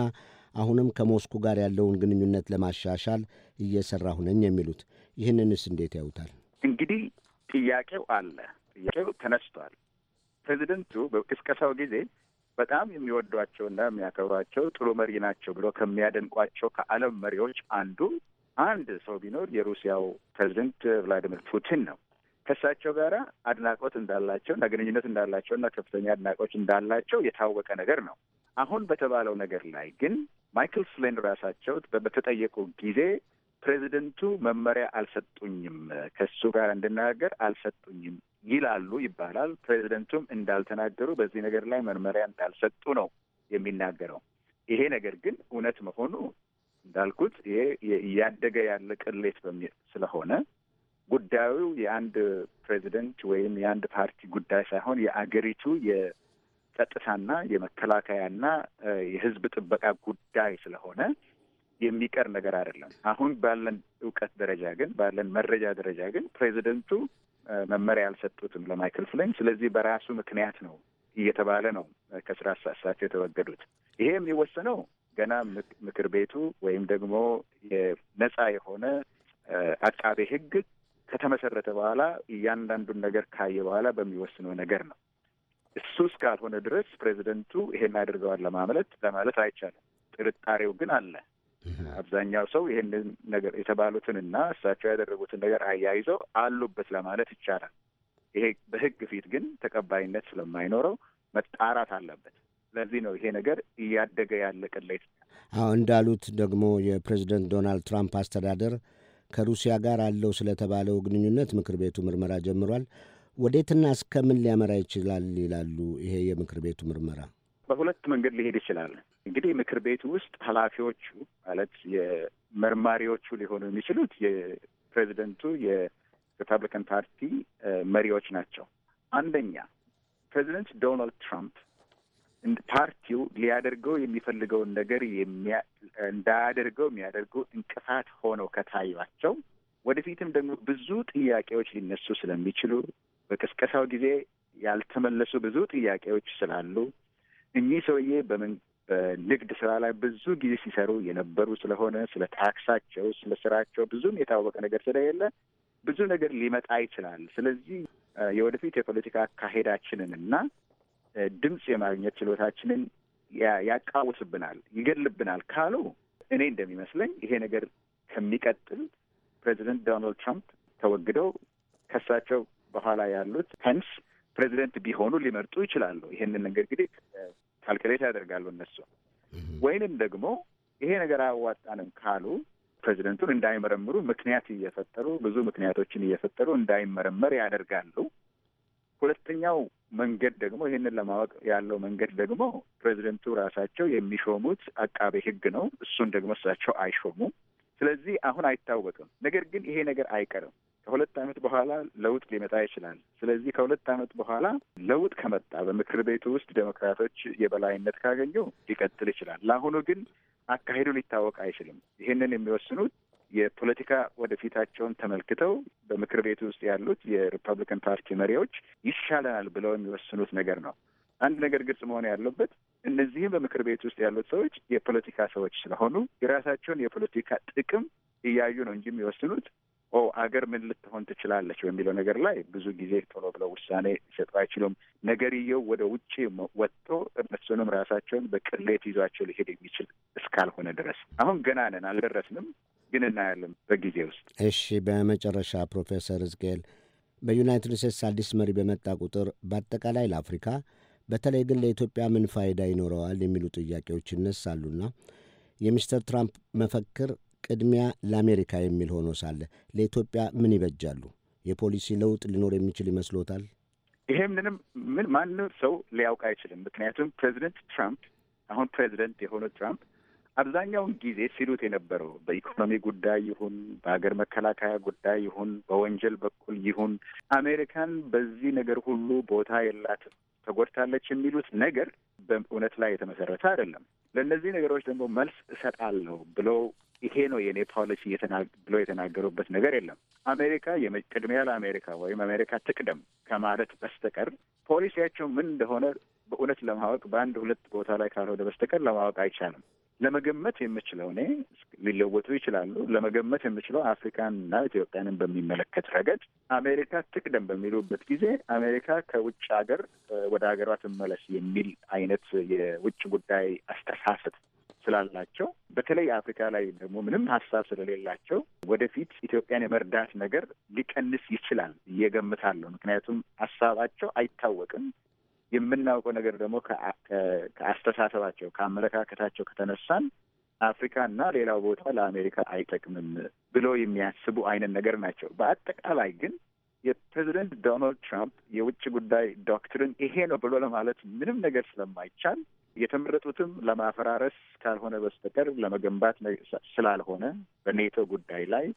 አሁንም ከሞስኩ ጋር ያለውን ግንኙነት ለማሻሻል እየሠራሁ ነኝ የሚሉት ይህንንስ እንዴት ያዩታል? እንግዲህ ጥያቄው አለ፣ ጥያቄው ተነስቷል። ፕሬዚደንቱ በቅስቀሳው ጊዜ በጣም የሚወዷቸውና የሚያከብሯቸው ጥሩ መሪ ናቸው ብሎ ከሚያደንቋቸው ከዓለም መሪዎች አንዱ አንድ ሰው ቢኖር የሩሲያው ፕሬዚደንት ቭላዲሚር ፑቲን ነው። ከእሳቸው ጋር አድናቆት እንዳላቸው እና ግንኙነት እንዳላቸው እና ከፍተኛ አድናቆች እንዳላቸው የታወቀ ነገር ነው። አሁን በተባለው ነገር ላይ ግን ማይክል ፍሌን ራሳቸው በተጠየቁ ጊዜ ፕሬዚደንቱ መመሪያ አልሰጡኝም፣ ከሱ ጋር እንድናገር አልሰጡኝም ይላሉ ይባላል። ፕሬዚደንቱም እንዳልተናገሩ በዚህ ነገር ላይ መመሪያ እንዳልሰጡ ነው የሚናገረው። ይሄ ነገር ግን እውነት መሆኑ እንዳልኩት ይሄ እያደገ ያለ ቅሌት ስለሆነ ጉዳዩ የአንድ ፕሬዚደንት ወይም የአንድ ፓርቲ ጉዳይ ሳይሆን የአገሪቱ የጸጥታና የመከላከያና የሕዝብ ጥበቃ ጉዳይ ስለሆነ የሚቀር ነገር አይደለም። አሁን ባለን እውቀት ደረጃ ግን ባለን መረጃ ደረጃ ግን ፕሬዚደንቱ መመሪያ ያልሰጡትም ለማይክል ፍሌን። ስለዚህ በራሱ ምክንያት ነው እየተባለ ነው ከስራ አሳሳቸው የተወገዱት። ይሄ የሚወሰነው ገና ምክር ቤቱ ወይም ደግሞ ነጻ የሆነ አቃቤ ሕግ ከተመሰረተ በኋላ እያንዳንዱን ነገር ካየ በኋላ በሚወስነው ነገር ነው። እሱ እስካልሆነ ድረስ ፕሬዚደንቱ ይሄን አድርገዋል ለማምለት ለማለት አይቻልም። ጥርጣሬው ግን አለ። አብዛኛው ሰው ይሄንን ነገር የተባሉትንና እሳቸው ያደረጉትን ነገር አያይዘው አሉበት ለማለት ይቻላል። ይሄ በህግ ፊት ግን ተቀባይነት ስለማይኖረው መጣራት አለበት። ስለዚህ ነው ይሄ ነገር እያደገ ያለ ቅሌት። አዎ እንዳሉት ደግሞ የፕሬዚደንት ዶናልድ ትራምፕ አስተዳደር ከሩሲያ ጋር አለው ስለተባለው ግንኙነት ምክር ቤቱ ምርመራ ጀምሯል። ወዴትና እስከምን ሊያመራ ይችላል ይላሉ? ይሄ የምክር ቤቱ ምርመራ በሁለት መንገድ ሊሄድ ይችላል። እንግዲህ ምክር ቤቱ ውስጥ ኃላፊዎቹ ማለት የመርማሪዎቹ ሊሆኑ የሚችሉት የፕሬዚደንቱ የሪፐብሊካን ፓርቲ መሪዎች ናቸው። አንደኛ ፕሬዚደንት ዶናልድ ትራምፕ ፓርቲው ሊያደርገው የሚፈልገውን ነገር እንዳያደርገው የሚያደርገው እንቅፋት ሆነው ከታዩቸው ወደፊትም ደግሞ ብዙ ጥያቄዎች ሊነሱ ስለሚችሉ በቅስቀሳው ጊዜ ያልተመለሱ ብዙ ጥያቄዎች ስላሉ እኚህ ሰውዬ በንግድ ስራ ላይ ብዙ ጊዜ ሲሰሩ የነበሩ ስለሆነ ስለ ታክሳቸው፣ ስለ ስራቸው ብዙም የታወቀ ነገር ስለሌለ ብዙ ነገር ሊመጣ ይችላል። ስለዚህ የወደፊት የፖለቲካ አካሄዳችንን እና ድምፅ የማግኘት ችሎታችንን ያቃውስብናል፣ ይገልብናል ካሉ እኔ እንደሚመስለኝ ይሄ ነገር ከሚቀጥል ፕሬዚደንት ዶናልድ ትራምፕ ተወግደው ከሳቸው በኋላ ያሉት ፔንስ ፕሬዚደንት ቢሆኑ ሊመርጡ ይችላሉ። ይሄንን ነገር እንግዲህ ካልኩሌት ያደርጋሉ እነሱ። ወይንም ደግሞ ይሄ ነገር አያዋጣንም ካሉ ፕሬዚደንቱን እንዳይመረምሩ ምክንያት እየፈጠሩ ብዙ ምክንያቶችን እየፈጠሩ እንዳይመረመር ያደርጋሉ። ሁለተኛው መንገድ ደግሞ ይህንን ለማወቅ ያለው መንገድ ደግሞ ፕሬዚደንቱ ራሳቸው የሚሾሙት አቃቤ ሕግ ነው። እሱን ደግሞ እሳቸው አይሾሙም። ስለዚህ አሁን አይታወቅም። ነገር ግን ይሄ ነገር አይቀርም። ከሁለት ዓመት በኋላ ለውጥ ሊመጣ ይችላል። ስለዚህ ከሁለት ዓመት በኋላ ለውጥ ከመጣ በምክር ቤቱ ውስጥ ዴሞክራቶች የበላይነት ካገኙ ሊቀጥል ይችላል። ለአሁኑ ግን አካሄዱ ሊታወቅ አይችልም። ይህንን የሚወስኑት የፖለቲካ ወደፊታቸውን ተመልክተው በምክር ቤት ውስጥ ያሉት የሪፐብሊካን ፓርቲ መሪዎች ይሻለናል ብለው የሚወስኑት ነገር ነው። አንድ ነገር ግልጽ መሆን ያለበት እነዚህም በምክር ቤት ውስጥ ያሉት ሰዎች የፖለቲካ ሰዎች ስለሆኑ የራሳቸውን የፖለቲካ ጥቅም እያዩ ነው እንጂ የሚወስኑት ኦ አገር ምን ልትሆን ትችላለች በሚለው ነገር ላይ ብዙ ጊዜ ቶሎ ብለው ውሳኔ ሊሰጡ አይችሉም። ነገርየው ወደ ውጭ ወጥቶ እነሱንም ራሳቸውን በቅሌት ይዟቸው ሊሄድ የሚችል እስካልሆነ ድረስ አሁን ገና ነን፣ አልደረስንም። ግን እናያለን በጊዜ ውስጥ። እሺ፣ በመጨረሻ ፕሮፌሰር ሕዝቅኤል በዩናይትድ ስቴትስ አዲስ መሪ በመጣ ቁጥር በአጠቃላይ ለአፍሪካ በተለይ ግን ለኢትዮጵያ ምን ፋይዳ ይኖረዋል የሚሉ ጥያቄዎች ይነሳሉና የሚስተር ትራምፕ መፈክር ቅድሚያ ለአሜሪካ የሚል ሆኖ ሳለ ለኢትዮጵያ ምን ይበጃሉ? የፖሊሲ ለውጥ ሊኖር የሚችል ይመስሎታል? ይሄ ምንም ምን ማንም ሰው ሊያውቅ አይችልም። ምክንያቱም ፕሬዚደንት ትራምፕ አሁን ፕሬዚደንት የሆነ ትራምፕ አብዛኛውን ጊዜ ሲሉት የነበረው በኢኮኖሚ ጉዳይ ይሁን በሀገር መከላከያ ጉዳይ ይሁን በወንጀል በኩል ይሁን አሜሪካን በዚህ ነገር ሁሉ ቦታ የላትም፣ ተጎድታለች የሚሉት ነገር በእውነት ላይ የተመሰረተ አይደለም። ለእነዚህ ነገሮች ደግሞ መልስ እሰጣለሁ ብለው ይሄ ነው የእኔ ፖሊሲ ብሎ የተናገሩበት ነገር የለም። አሜሪካ ቅድሚያ ለአሜሪካ ወይም አሜሪካ ትቅደም ከማለት በስተቀር ፖሊሲያቸው ምን እንደሆነ በእውነት ለማወቅ በአንድ ሁለት ቦታ ላይ ካልሆነ በስተቀር ለማወቅ አይቻልም። ለመገመት የምችለው እኔ ሊለወጡ ይችላሉ። ለመገመት የምችለው አፍሪካንና ኢትዮጵያንን በሚመለከት ረገድ አሜሪካ ትቅደም በሚሉበት ጊዜ አሜሪካ ከውጭ ሀገር ወደ ሀገሯ ትመለስ የሚል አይነት የውጭ ጉዳይ አስተሳሰብ ስላላቸው በተለይ አፍሪካ ላይ ደግሞ ምንም ሀሳብ ስለሌላቸው ወደፊት ኢትዮጵያን የመርዳት ነገር ሊቀንስ ይችላል እየገምታለሁ። ምክንያቱም ሀሳባቸው አይታወቅም። የምናውቀው ነገር ደግሞ ከአስተሳሰባቸው ከአመለካከታቸው ከተነሳን አፍሪካ እና ሌላው ቦታ ለአሜሪካ አይጠቅምም ብሎ የሚያስቡ አይነት ነገር ናቸው። በአጠቃላይ ግን የፕሬዚደንት ዶናልድ ትራምፕ የውጭ ጉዳይ ዶክትሪን ይሄ ነው ብሎ ለማለት ምንም ነገር ስለማይቻል የተመረጡትም ለማፈራረስ ካልሆነ በስተቀር ለመገንባት ስላልሆነ በኔቶ ጉዳይ ላይ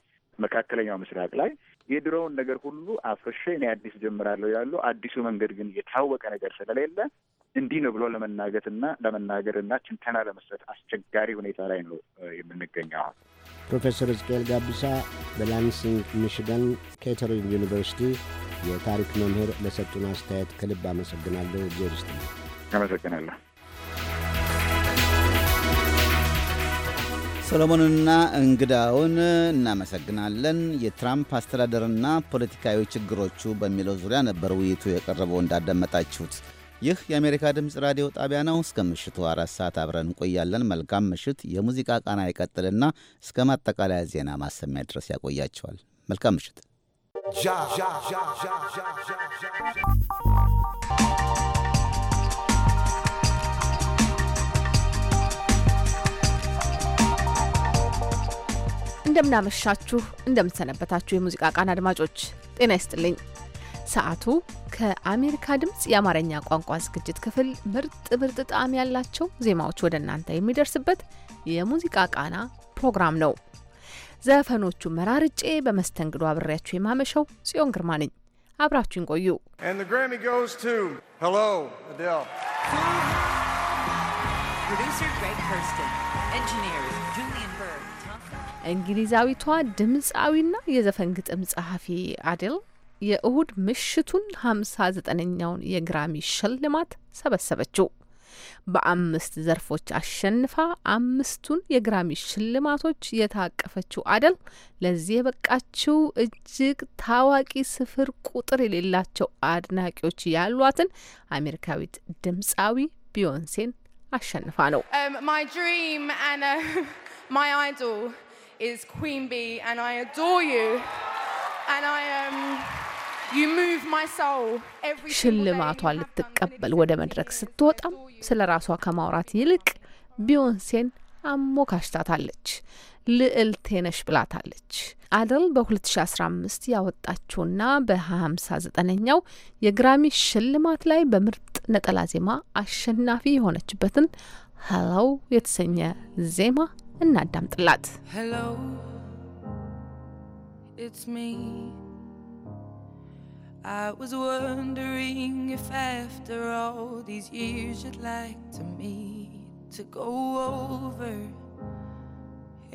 መካከለኛው ምስራቅ ላይ የድሮውን ነገር ሁሉ አፍርሼ እኔ አዲስ ጀምራለሁ ያሉ አዲሱ መንገድ ግን የታወቀ ነገር ስለሌለ እንዲህ ነው ብሎ ለመናገት እና ለመናገር እና ችንተና ለመስጠት አስቸጋሪ ሁኔታ ላይ ነው የምንገኘው። አሁን ፕሮፌሰር እዝቅኤል ጋቢሳ በላንሲንግ ሚሽገን ኬተሪንግ ዩኒቨርሲቲ የታሪክ መምህር ለሰጡን አስተያየት ከልብ አመሰግናለሁ። ጀርስት አመሰግናለሁ። ሰሎሞንና እንግዳውን እናመሰግናለን። የትራምፕ አስተዳደርና ፖለቲካዊ ችግሮቹ በሚለው ዙሪያ ነበር ውይይቱ የቀረበው እንዳዳመጣችሁት። ይህ የአሜሪካ ድምፅ ራዲዮ ጣቢያ ነው። እስከ ምሽቱ አራት ሰዓት አብረን እንቆያለን። መልካም ምሽት። የሙዚቃ ቃና ይቀጥልና እስከ ማጠቃለያ ዜና ማሰሚያ ድረስ ያቆያቸዋል። መልካም ምሽት። እንደምናመሻችሁ፣ እንደምትሰነበታችሁ የሙዚቃ ቃና አድማጮች ጤና ይስጥልኝ። ሰዓቱ ከአሜሪካ ድምፅ የአማርኛ ቋንቋ ዝግጅት ክፍል ምርጥ ምርጥ ጣዕም ያላቸው ዜማዎች ወደ እናንተ የሚደርስበት የሙዚቃ ቃና ፕሮግራም ነው። ዘፈኖቹ መራርጬ በመስተንግዶ አብሬያችሁ የማመሸው ጽዮን ግርማ ነኝ። አብራችሁን ቆዩ። ፕሮዲሰር ግሬግ Kirsten, engineers እንግሊዛዊቷ ድምፃዊና የዘፈን ግጥም ጸሐፊ አዴል የእሁድ ምሽቱን ሀምሳ ዘጠነኛውን የግራሚ ሽልማት ሰበሰበችው። በአምስት ዘርፎች አሸንፋ አምስቱን የግራሚ ሽልማቶች የታቀፈችው አደል ለዚህ የበቃችው እጅግ ታዋቂ ስፍር ቁጥር የሌላቸው አድናቂዎች ያሏትን አሜሪካዊት ድምፃዊ ቢዮንሴን አሸንፋ ነው። um, is Queen Bee, and I adore you. And I am. Um, ሽልማቷን ልትቀበል ወደ መድረክ ስትወጣም ስለ ራሷ ከማውራት ይልቅ ቢዮንሴን አሞካሽታታለች። ልዕልቴ ነሽ ብላታለች። አደል በ2015 ያወጣችውና በ59ኛው የግራሚ ሽልማት ላይ በምርጥ ነጠላ ዜማ አሸናፊ የሆነችበትን ሀላው የተሰኘ ዜማ እናዳምጥላት። It's me. I was wondering if after all these years you'd like to me to go over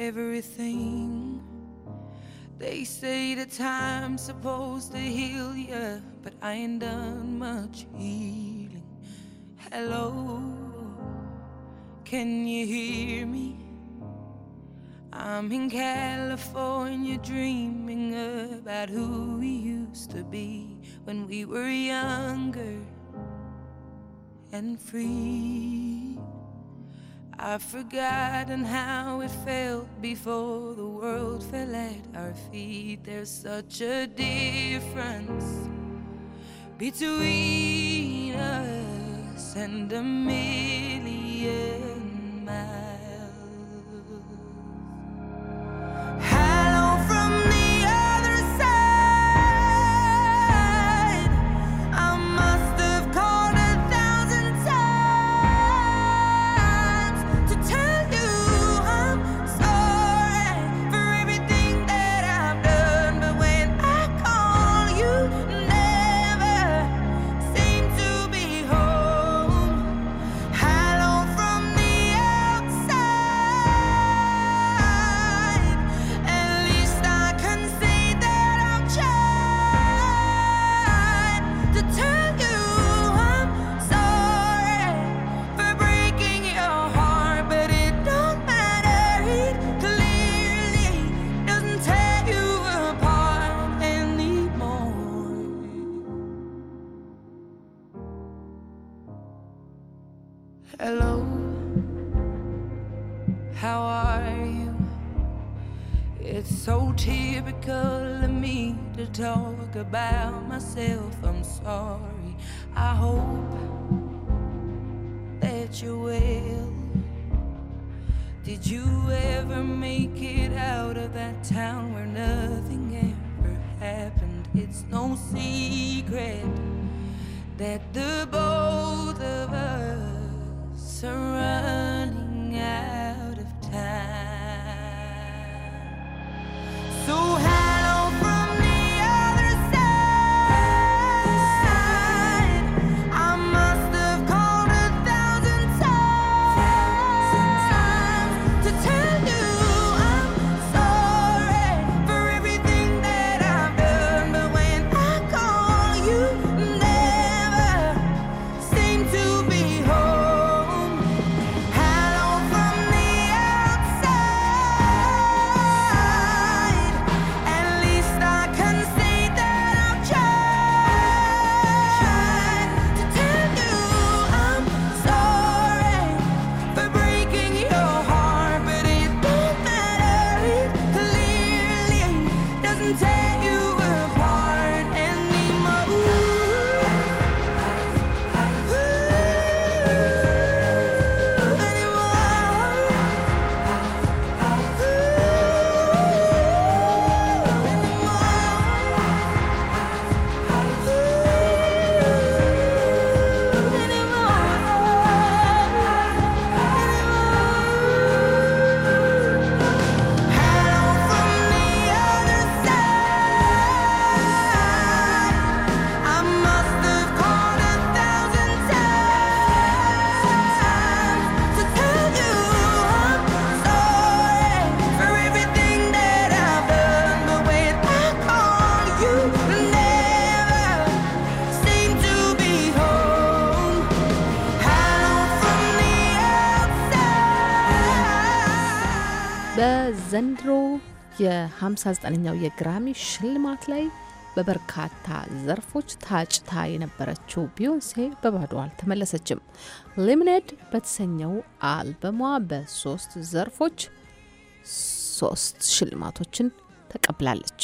everything. They say the time's supposed to heal ya, but I ain't done much healing. Hello, can you hear me? I'm in California dreaming about who we used to be when we were younger and free. I've forgotten how it felt before the world fell at our feet. There's such a difference between us and a million miles. take 59ኛው የግራሚ ሽልማት ላይ በበርካታ ዘርፎች ታጭታ የነበረችው ቢዮንሴ በባዶ አልተመለሰችም። ሊምኔድ በተሰኘው አልበሟ በሶስት ዘርፎች ሶስት ሽልማቶችን ተቀብላለች።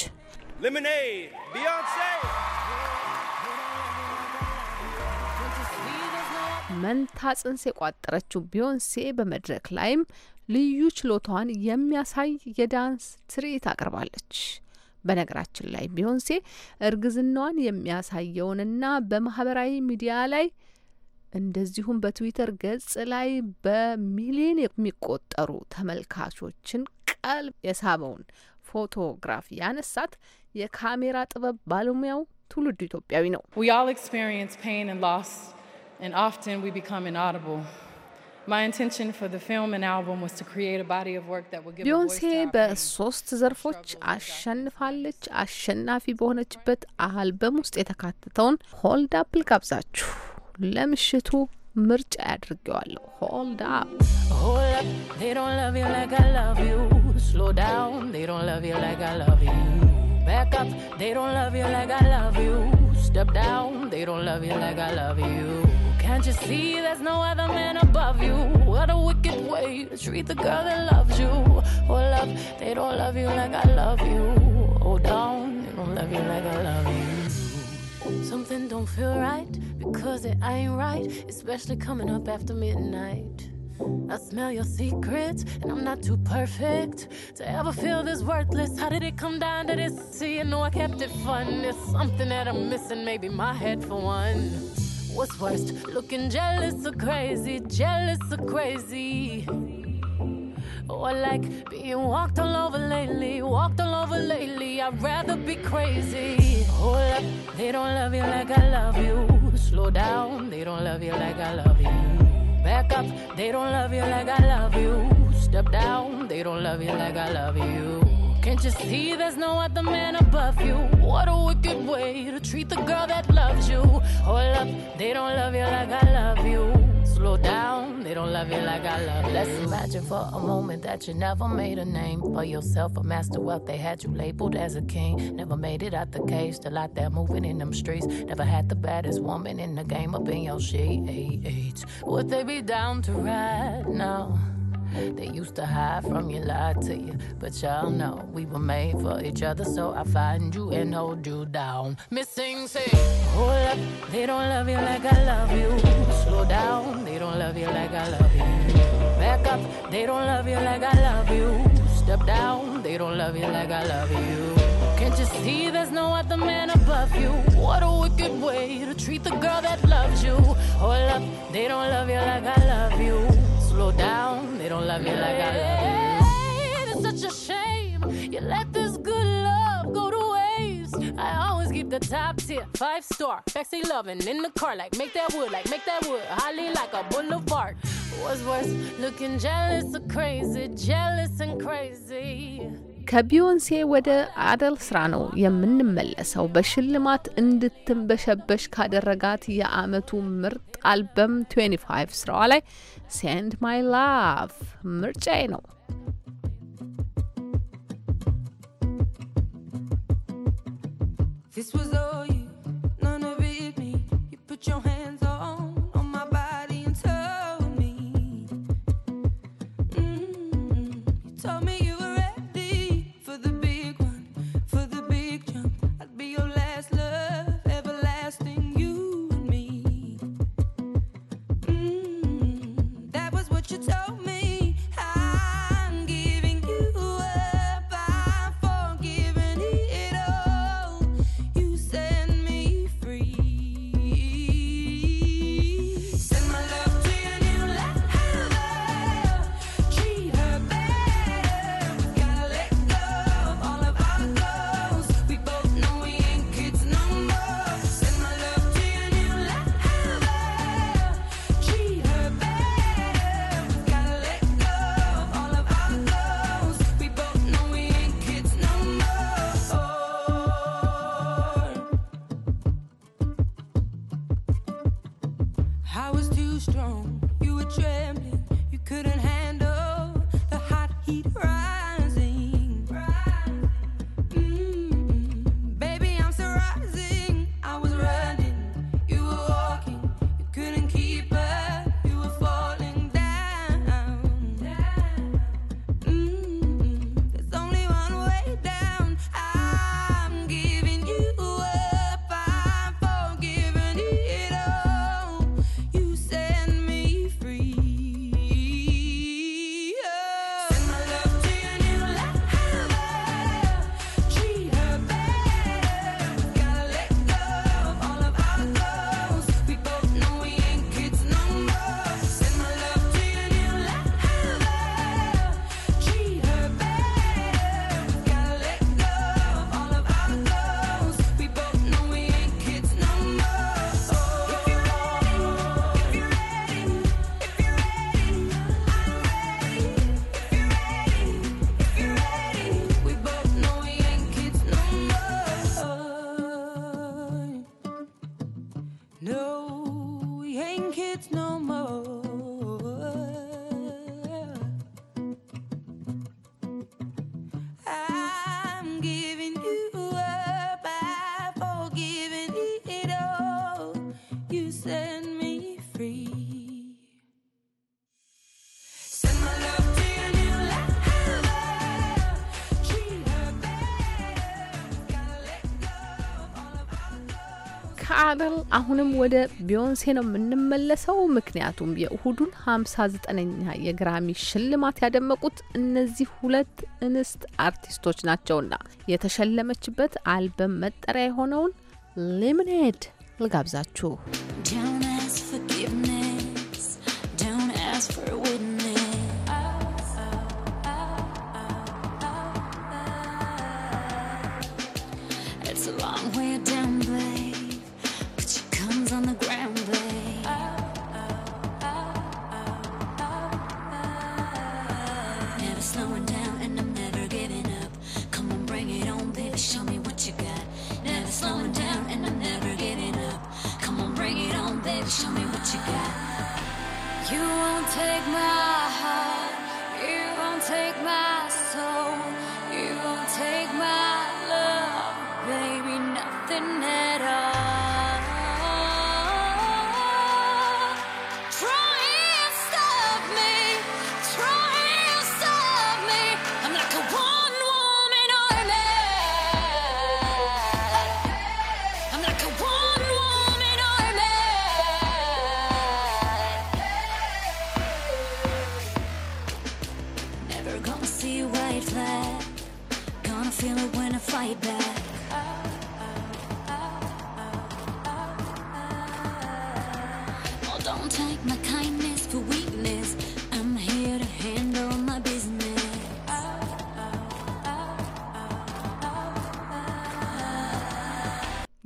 መንታ ጽንስ የቋጠረችው ቢዮንሴ በመድረክ ላይም ልዩ ችሎታዋን የሚያሳይ የዳንስ ትርኢት አቅርባለች። በነገራችን ላይ ቢዮንሴ እርግዝናዋን የሚያሳየውንና በማህበራዊ ሚዲያ ላይ እንደዚሁም በትዊተር ገጽ ላይ በሚሊዮን የሚቆጠሩ ተመልካቾችን ቀልብ የሳበውን ፎቶግራፍ ያነሳት የካሜራ ጥበብ ባለሙያው ትውልዱ ኢትዮጵያዊ ነው። ቢዮንሴ በሶስት ዘርፎች አሸንፋለች። አሸናፊ በሆነችበት አልበም ውስጥ የተካተተውን ሆልድ አፕ ልጋብዛችሁ። ለምሽቱ ምርጫ ያድርገዋለሁ። ሆልድ አፕ Back up, they don't love you like I love you. Step down, they don't love you like I love you. Can't you see there's no other man above you? What a wicked way to treat the girl that loves you. Oh, love, they don't love you like I love you. Oh, down, they don't love you like I love you. Something don't feel right because it ain't right, especially coming up after midnight. I smell your secrets, and I'm not too perfect to ever feel this worthless. How did it come down to this? See, you know I kept it fun. It's something that I'm missing, maybe my head for one what's worst? Looking jealous or crazy, jealous or crazy. Or like being walked all over lately, walked all over lately. I'd rather be crazy. Hold up, they don't love you like I love you. Slow down, they don't love you like I love you. Back up, they don't love you like I love you. Step down, they don't love you like I love you. Can't you see there's no other man above you? What a wicked way to treat the girl that loves you. Hold up, they don't love you like I love you. Slow down, they don't love you like I love you. Let's imagine for a moment that you never made a name for yourself, a master wealth. They had you labeled as a king. Never made it out the cage, still out there moving in them streets. Never had the baddest woman in the game up in your sheets. Would they be down to ride now? They used to hide from you, lie to you. But y'all know we were made for each other, so I find you and hold you down. Missing, say, hold up, they don't love you like I love you. Slow down, they don't love you like I love you. Back up, they don't love you like I love you. Step down, they don't love you like I love you. Can't you see there's no other man above you? What a wicked way to treat the girl that loves you. Hold up, they don't love you like I love you. slow down. They don't love me like I love you. It's such a shame you let this good love go to waste. I always keep the top tier, five star, sexy loving in the car. Like make that wood, like make that wood, holly like a boulevard. What's worse, looking jealous or crazy, jealous and crazy. ከቢዮንሴ ወደ አደል ስራ ነው የምንመለሰው። በሽልማት እንድትንበሸበሽ ካደረጋት የአመቱ ምርጥ አልበም 25 ስራዋ ላይ Send my love, Merchano. This was all አይደል አሁንም ወደ ቢዮንሴ ነው የምንመለሰው። ምክንያቱም የእሁዱን 59ኛ የግራሚ ሽልማት ያደመቁት እነዚህ ሁለት እንስት አርቲስቶች ናቸውና የተሸለመችበት አልበም መጠሪያ የሆነውን ሌምኔድ ልጋብዛችሁ። take my heart, you won't take my soul, you won't take my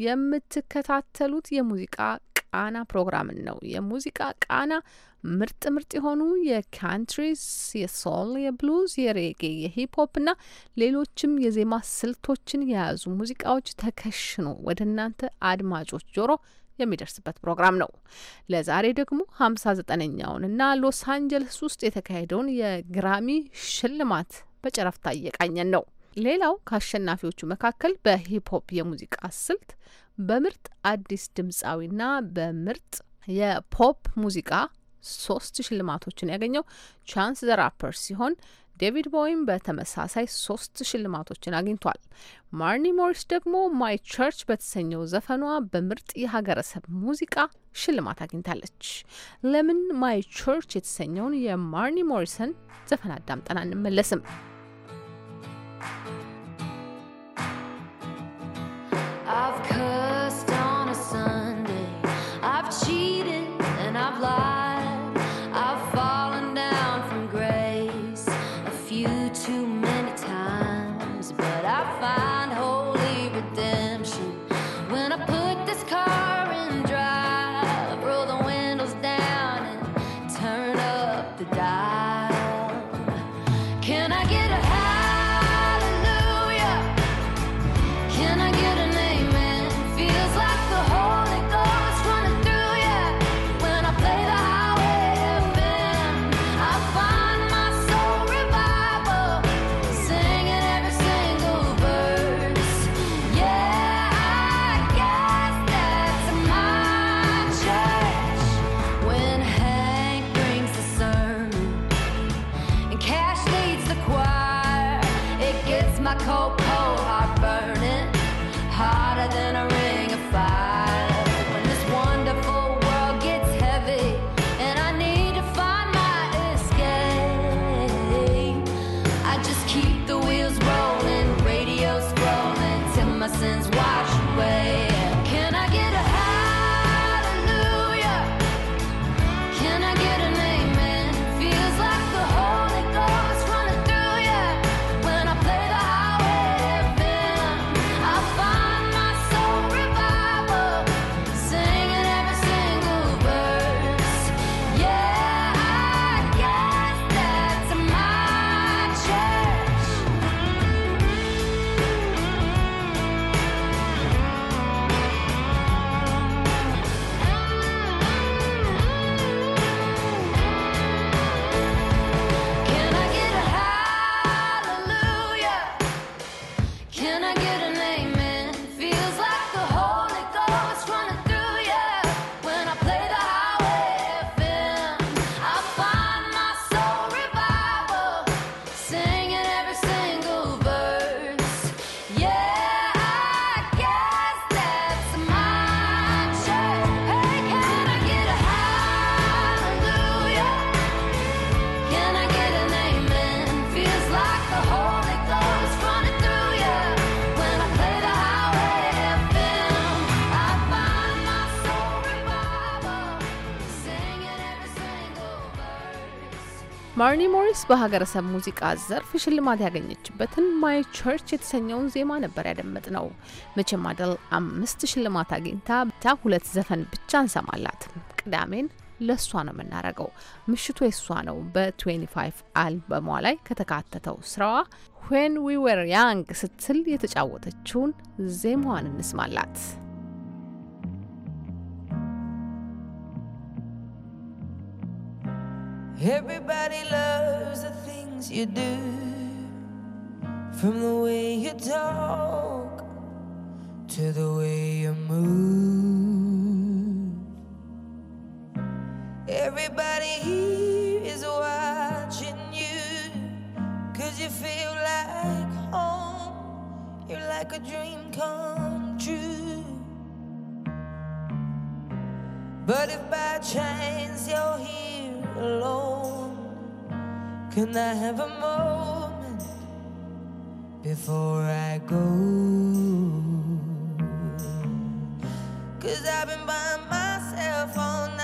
የምትከታተሉት የሙዚቃ ቃና ፕሮግራምን ነው። የሙዚቃ ቃና ምርጥ ምርጥ የሆኑ የካንትሪስ፣ የሶል፣ የብሉዝ፣ የሬጌ፣ የሂፕሆፕ እና ሌሎችም የዜማ ስልቶችን የያዙ ሙዚቃዎች ተከሽኖ ወደ እናንተ አድማጮች ጆሮ የሚደርስበት ፕሮግራም ነው። ለዛሬ ደግሞ ሀምሳ ዘጠነኛውን እና ሎስ አንጀለስ ውስጥ የተካሄደውን የግራሚ ሽልማት በጨረፍታ እየቃኘን ነው። ሌላው ከአሸናፊዎቹ መካከል በሂፕሆፕ የሙዚቃ ስልት በምርጥ አዲስ ድምፃዊና በምርጥ የፖፕ ሙዚቃ ሶስት ሽልማቶችን ያገኘው ቻንስ ዘ ራፐር ሲሆን ዴቪድ ቦይም በተመሳሳይ ሶስት ሽልማቶችን አግኝቷል። ማርኒ ሞሪስ ደግሞ ማይ ቸርች በተሰኘው ዘፈኗ በምርጥ የሀገረሰብ ሙዚቃ ሽልማት አግኝታለች። ለምን ማይ ቸርች የተሰኘውን የማርኒ ሞሪሰን ዘፈን አዳምጠን አንመለስም? I've come my cold, cold heart burning, hotter than a ring of fire. ማርኒ ሞሪስ በሀገረሰብ ሙዚቃ ዘርፍ ሽልማት ያገኘችበትን ማይ ቸርች የተሰኘውን ዜማ ነበር ያደመጥ ነው። መቼም አደል አምስት ሽልማት አግኝታ ብቻ ሁለት ዘፈን ብቻ እንሰማላት። ቅዳሜን ለእሷ ነው የምናደርገው። ምሽቱ የእሷ ነው። በ25 አልበሟ ላይ ከተካተተው ስራዋ ዌን ዊ ወር ያንግ ስትል የተጫወተችውን ዜማዋን እንስማላት። Everybody loves the things you do, from the way you talk to the way you move. Everybody here is watching you, cause you feel like home. You're like a dream come true. But if by chance you're here, alone. Can I have a moment before I go? Cause I've been by myself all night.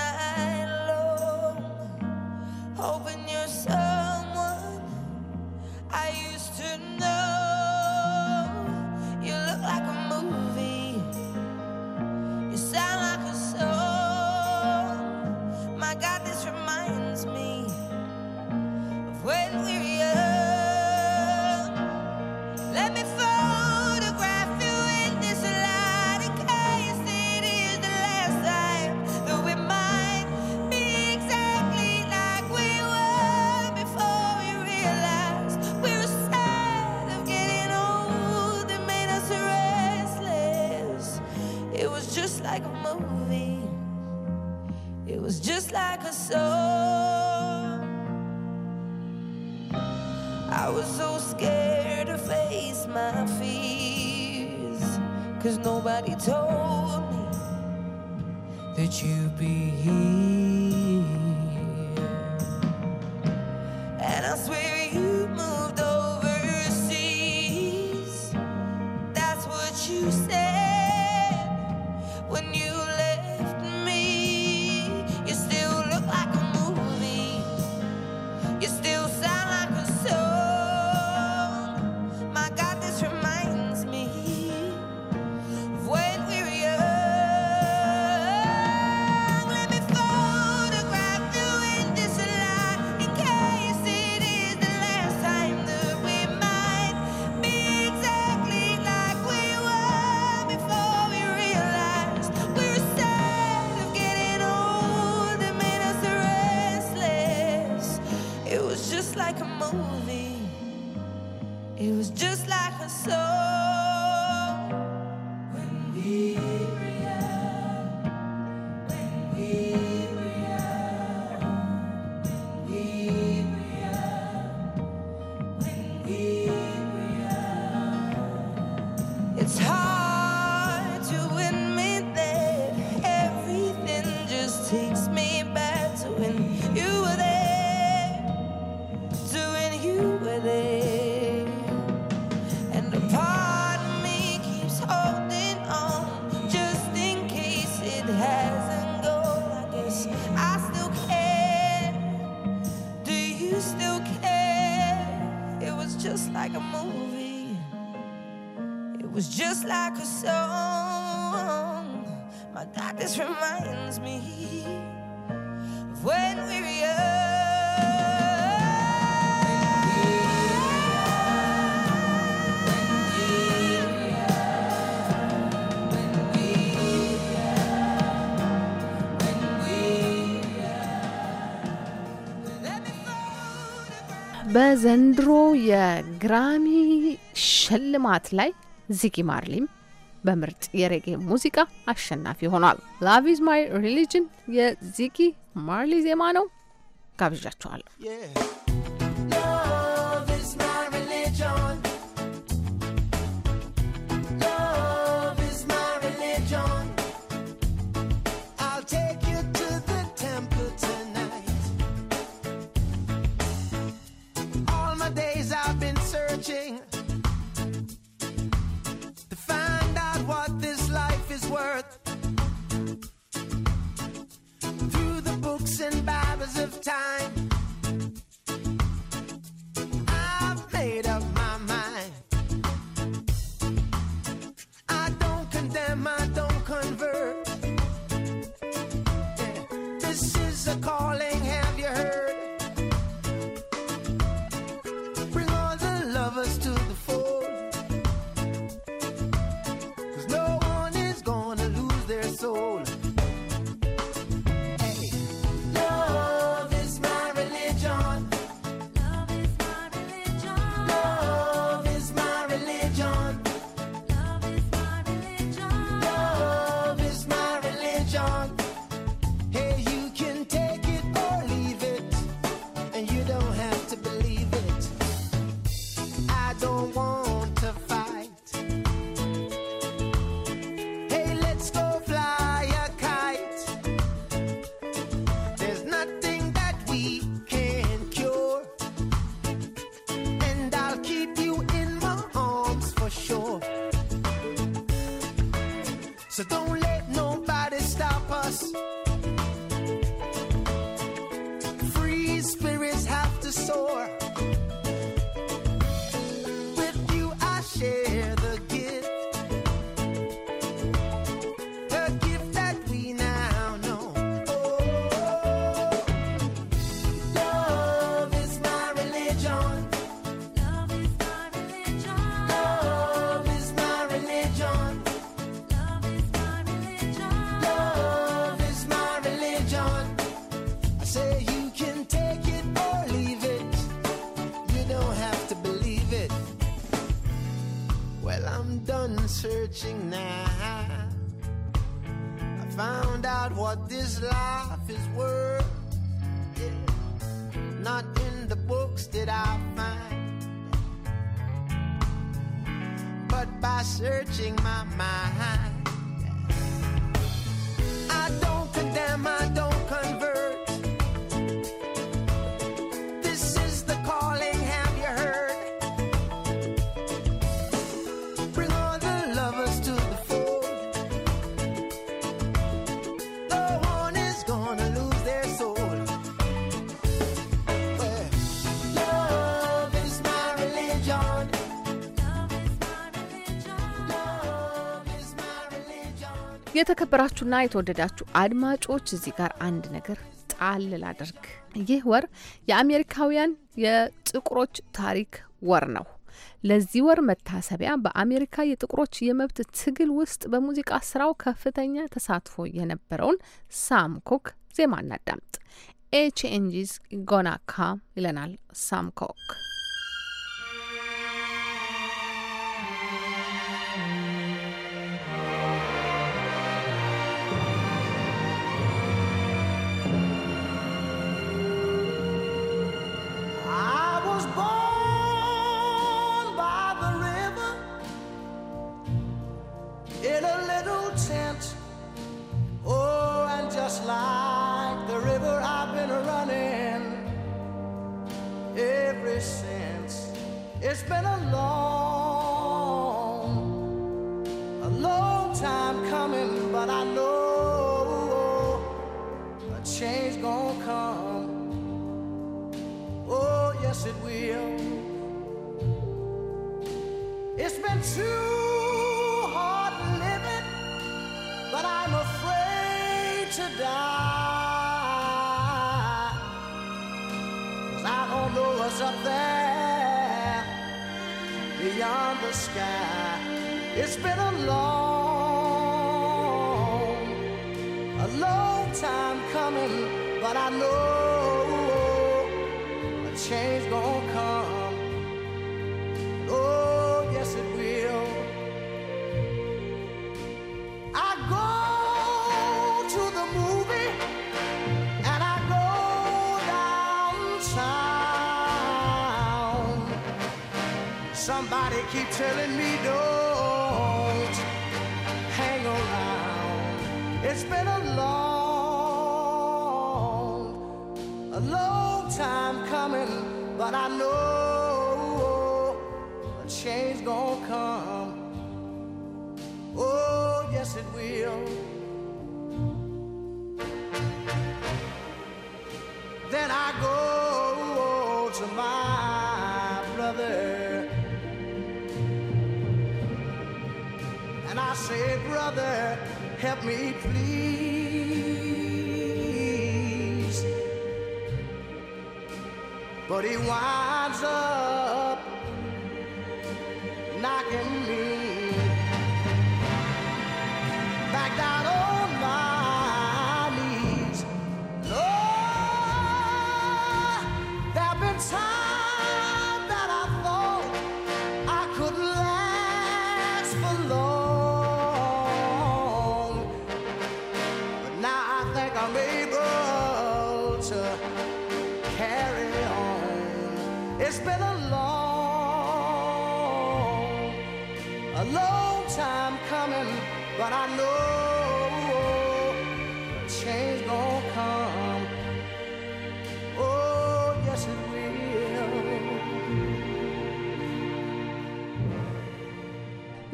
Cause nobody told me that you'd be here. በዘንድሮ የግራሚ ሽልማት ላይ ዚጊ ማርሊም በምርጥ የሬጌ ሙዚቃ አሸናፊ ሆኗል። ላቭ ኢዝ ማይ ሪሊጅን የዚጊ ማርሊ ዜማ ነው። ጋብዣችኋለሁ። የተከበራችሁና የተወደዳችሁ አድማጮች እዚህ ጋር አንድ ነገር ጣል ላደርግ። ይህ ወር የአሜሪካውያን የጥቁሮች ታሪክ ወር ነው። ለዚህ ወር መታሰቢያ በአሜሪካ የጥቁሮች የመብት ትግል ውስጥ በሙዚቃ ስራው ከፍተኛ ተሳትፎ የነበረውን ሳም ኮክ ዜማ እናዳምጥ። ኤችኤንጂስ ቼንጅስ ጎና ካም ይለናል ሳም ኮክ። just like the river I've been running ever since. It's been a long, a long time coming, but I know a change gonna come. Oh, yes, it will. It's been too hard living, but I'm afraid to die. Cause I don't know what's up there beyond the sky. It's been a long, a long time coming, but I know a change gonna come. Oh. Somebody keep telling me don't hang around. It's been a long, a long time coming, but I know a change gonna come. Oh, yes, it will. Then I go. say, brother, help me please. But he winds up knocking me.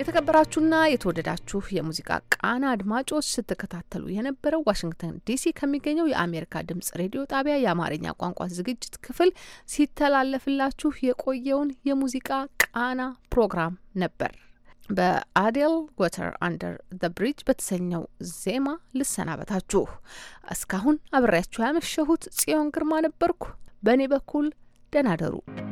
የተከበራችሁና የተወደዳችሁ የሙዚቃ ቃና አድማጮች ስትከታተሉ የነበረው ዋሽንግተን ዲሲ ከሚገኘው የአሜሪካ ድምጽ ሬዲዮ ጣቢያ የአማርኛ ቋንቋ ዝግጅት ክፍል ሲተላለፍላችሁ የቆየውን የሙዚቃ ቃና ፕሮግራም ነበር። በአዴል ወተር አንደር ዘ ብሪጅ በተሰኘው ዜማ ልሰናበታችሁ። እስካሁን አብሬያችሁ ያመሸሁት ጽዮን ግርማ ነበርኩ። በእኔ በኩል ደናደሩ ደሩ።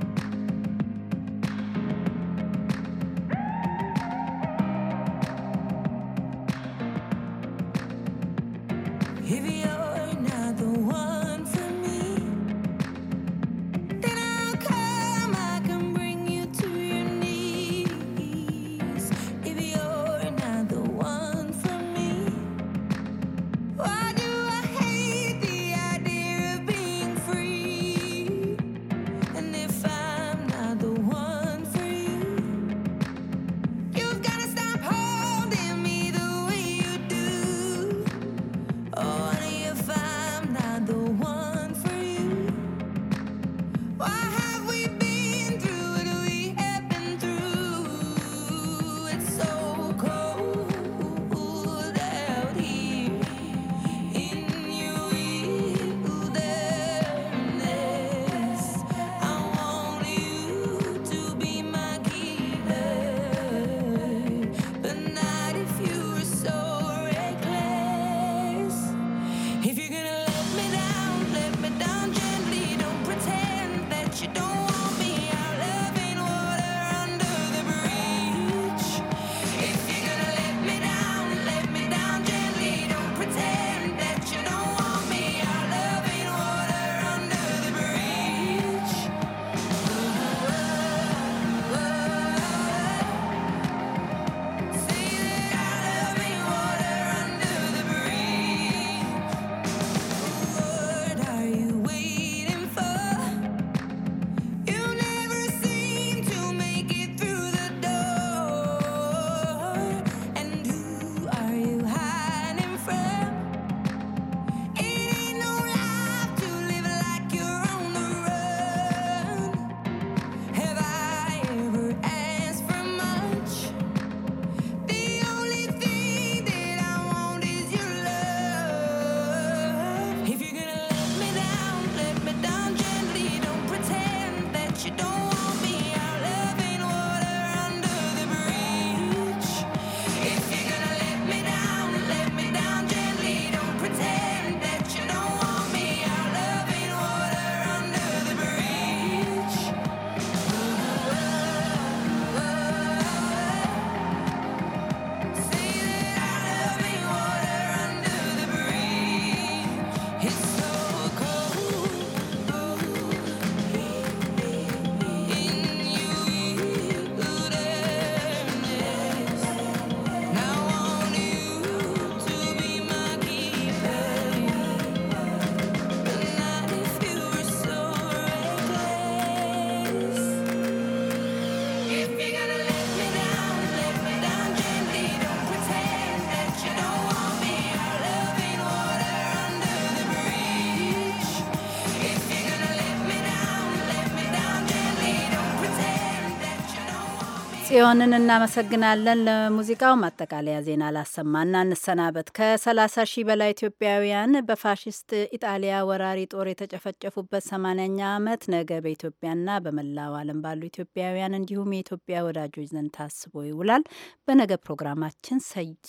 ጽዮንን እናመሰግናለን። ለሙዚቃው ማጠቃለያ ዜና ላሰማና እንሰናበት። ከ30 ሺህ በላይ ኢትዮጵያውያን በፋሽስት ኢጣሊያ ወራሪ ጦር የተጨፈጨፉበት 80ኛ ዓመት ነገ በኢትዮጵያና በመላው ዓለም ባሉ ኢትዮጵያውያን እንዲሁም የኢትዮጵያ ወዳጆች ዘንድ ታስቦ ይውላል። በነገ ፕሮግራማችን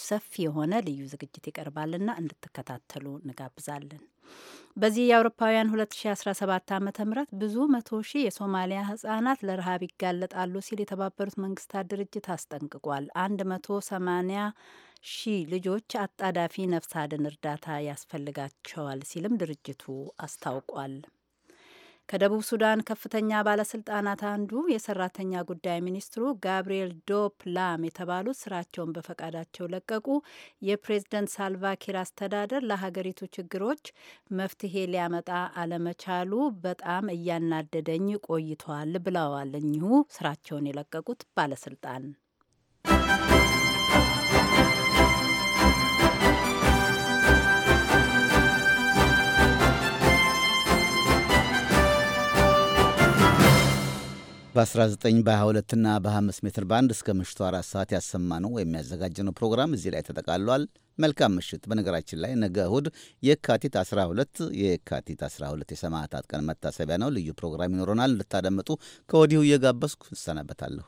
ሰፊ የሆነ ልዩ ዝግጅት ይቀርባልና እንድትከታተሉ እንጋብዛለን። በዚህ የአውሮፓውያን 2017 ዓ ም ብዙ መቶ ሺህ የሶማሊያ ህጻናት ለረሃብ ይጋለጣሉ ሲል የተባበሩት መንግስታት ድርጅት አስጠንቅቋል። 180 ሺህ ልጆች አጣዳፊ ነፍስ አድን እርዳታ ያስፈልጋቸዋል ሲልም ድርጅቱ አስታውቋል። ከደቡብ ሱዳን ከፍተኛ ባለስልጣናት አንዱ የሰራተኛ ጉዳይ ሚኒስትሩ ጋብርኤል ዶፕ ላም የተባሉት ስራቸውን በፈቃዳቸው ለቀቁ። የፕሬዝደንት ሳልቫኪር አስተዳደር ለሀገሪቱ ችግሮች መፍትሄ ሊያመጣ አለመቻሉ በጣም እያናደደኝ ቆይቷል ብለዋል እኚሁ ስራቸውን የለቀቁት ባለስልጣን በ19 በ22 እና በ25 ሜትር ባንድ እስከ ምሽቱ አራት ሰዓት ያሰማ ነው የሚያዘጋጀነው ፕሮግራም እዚህ ላይ ተጠቃሏል። መልካም ምሽት። በነገራችን ላይ ነገ እሁድ የካቲት 12 የካቲት 12 የሰማዕታት ቀን መታሰቢያ ነው። ልዩ ፕሮግራም ይኖረናል። እንድታደምጡ ከወዲሁ እየጋበዝኩ እሰናበታለሁ።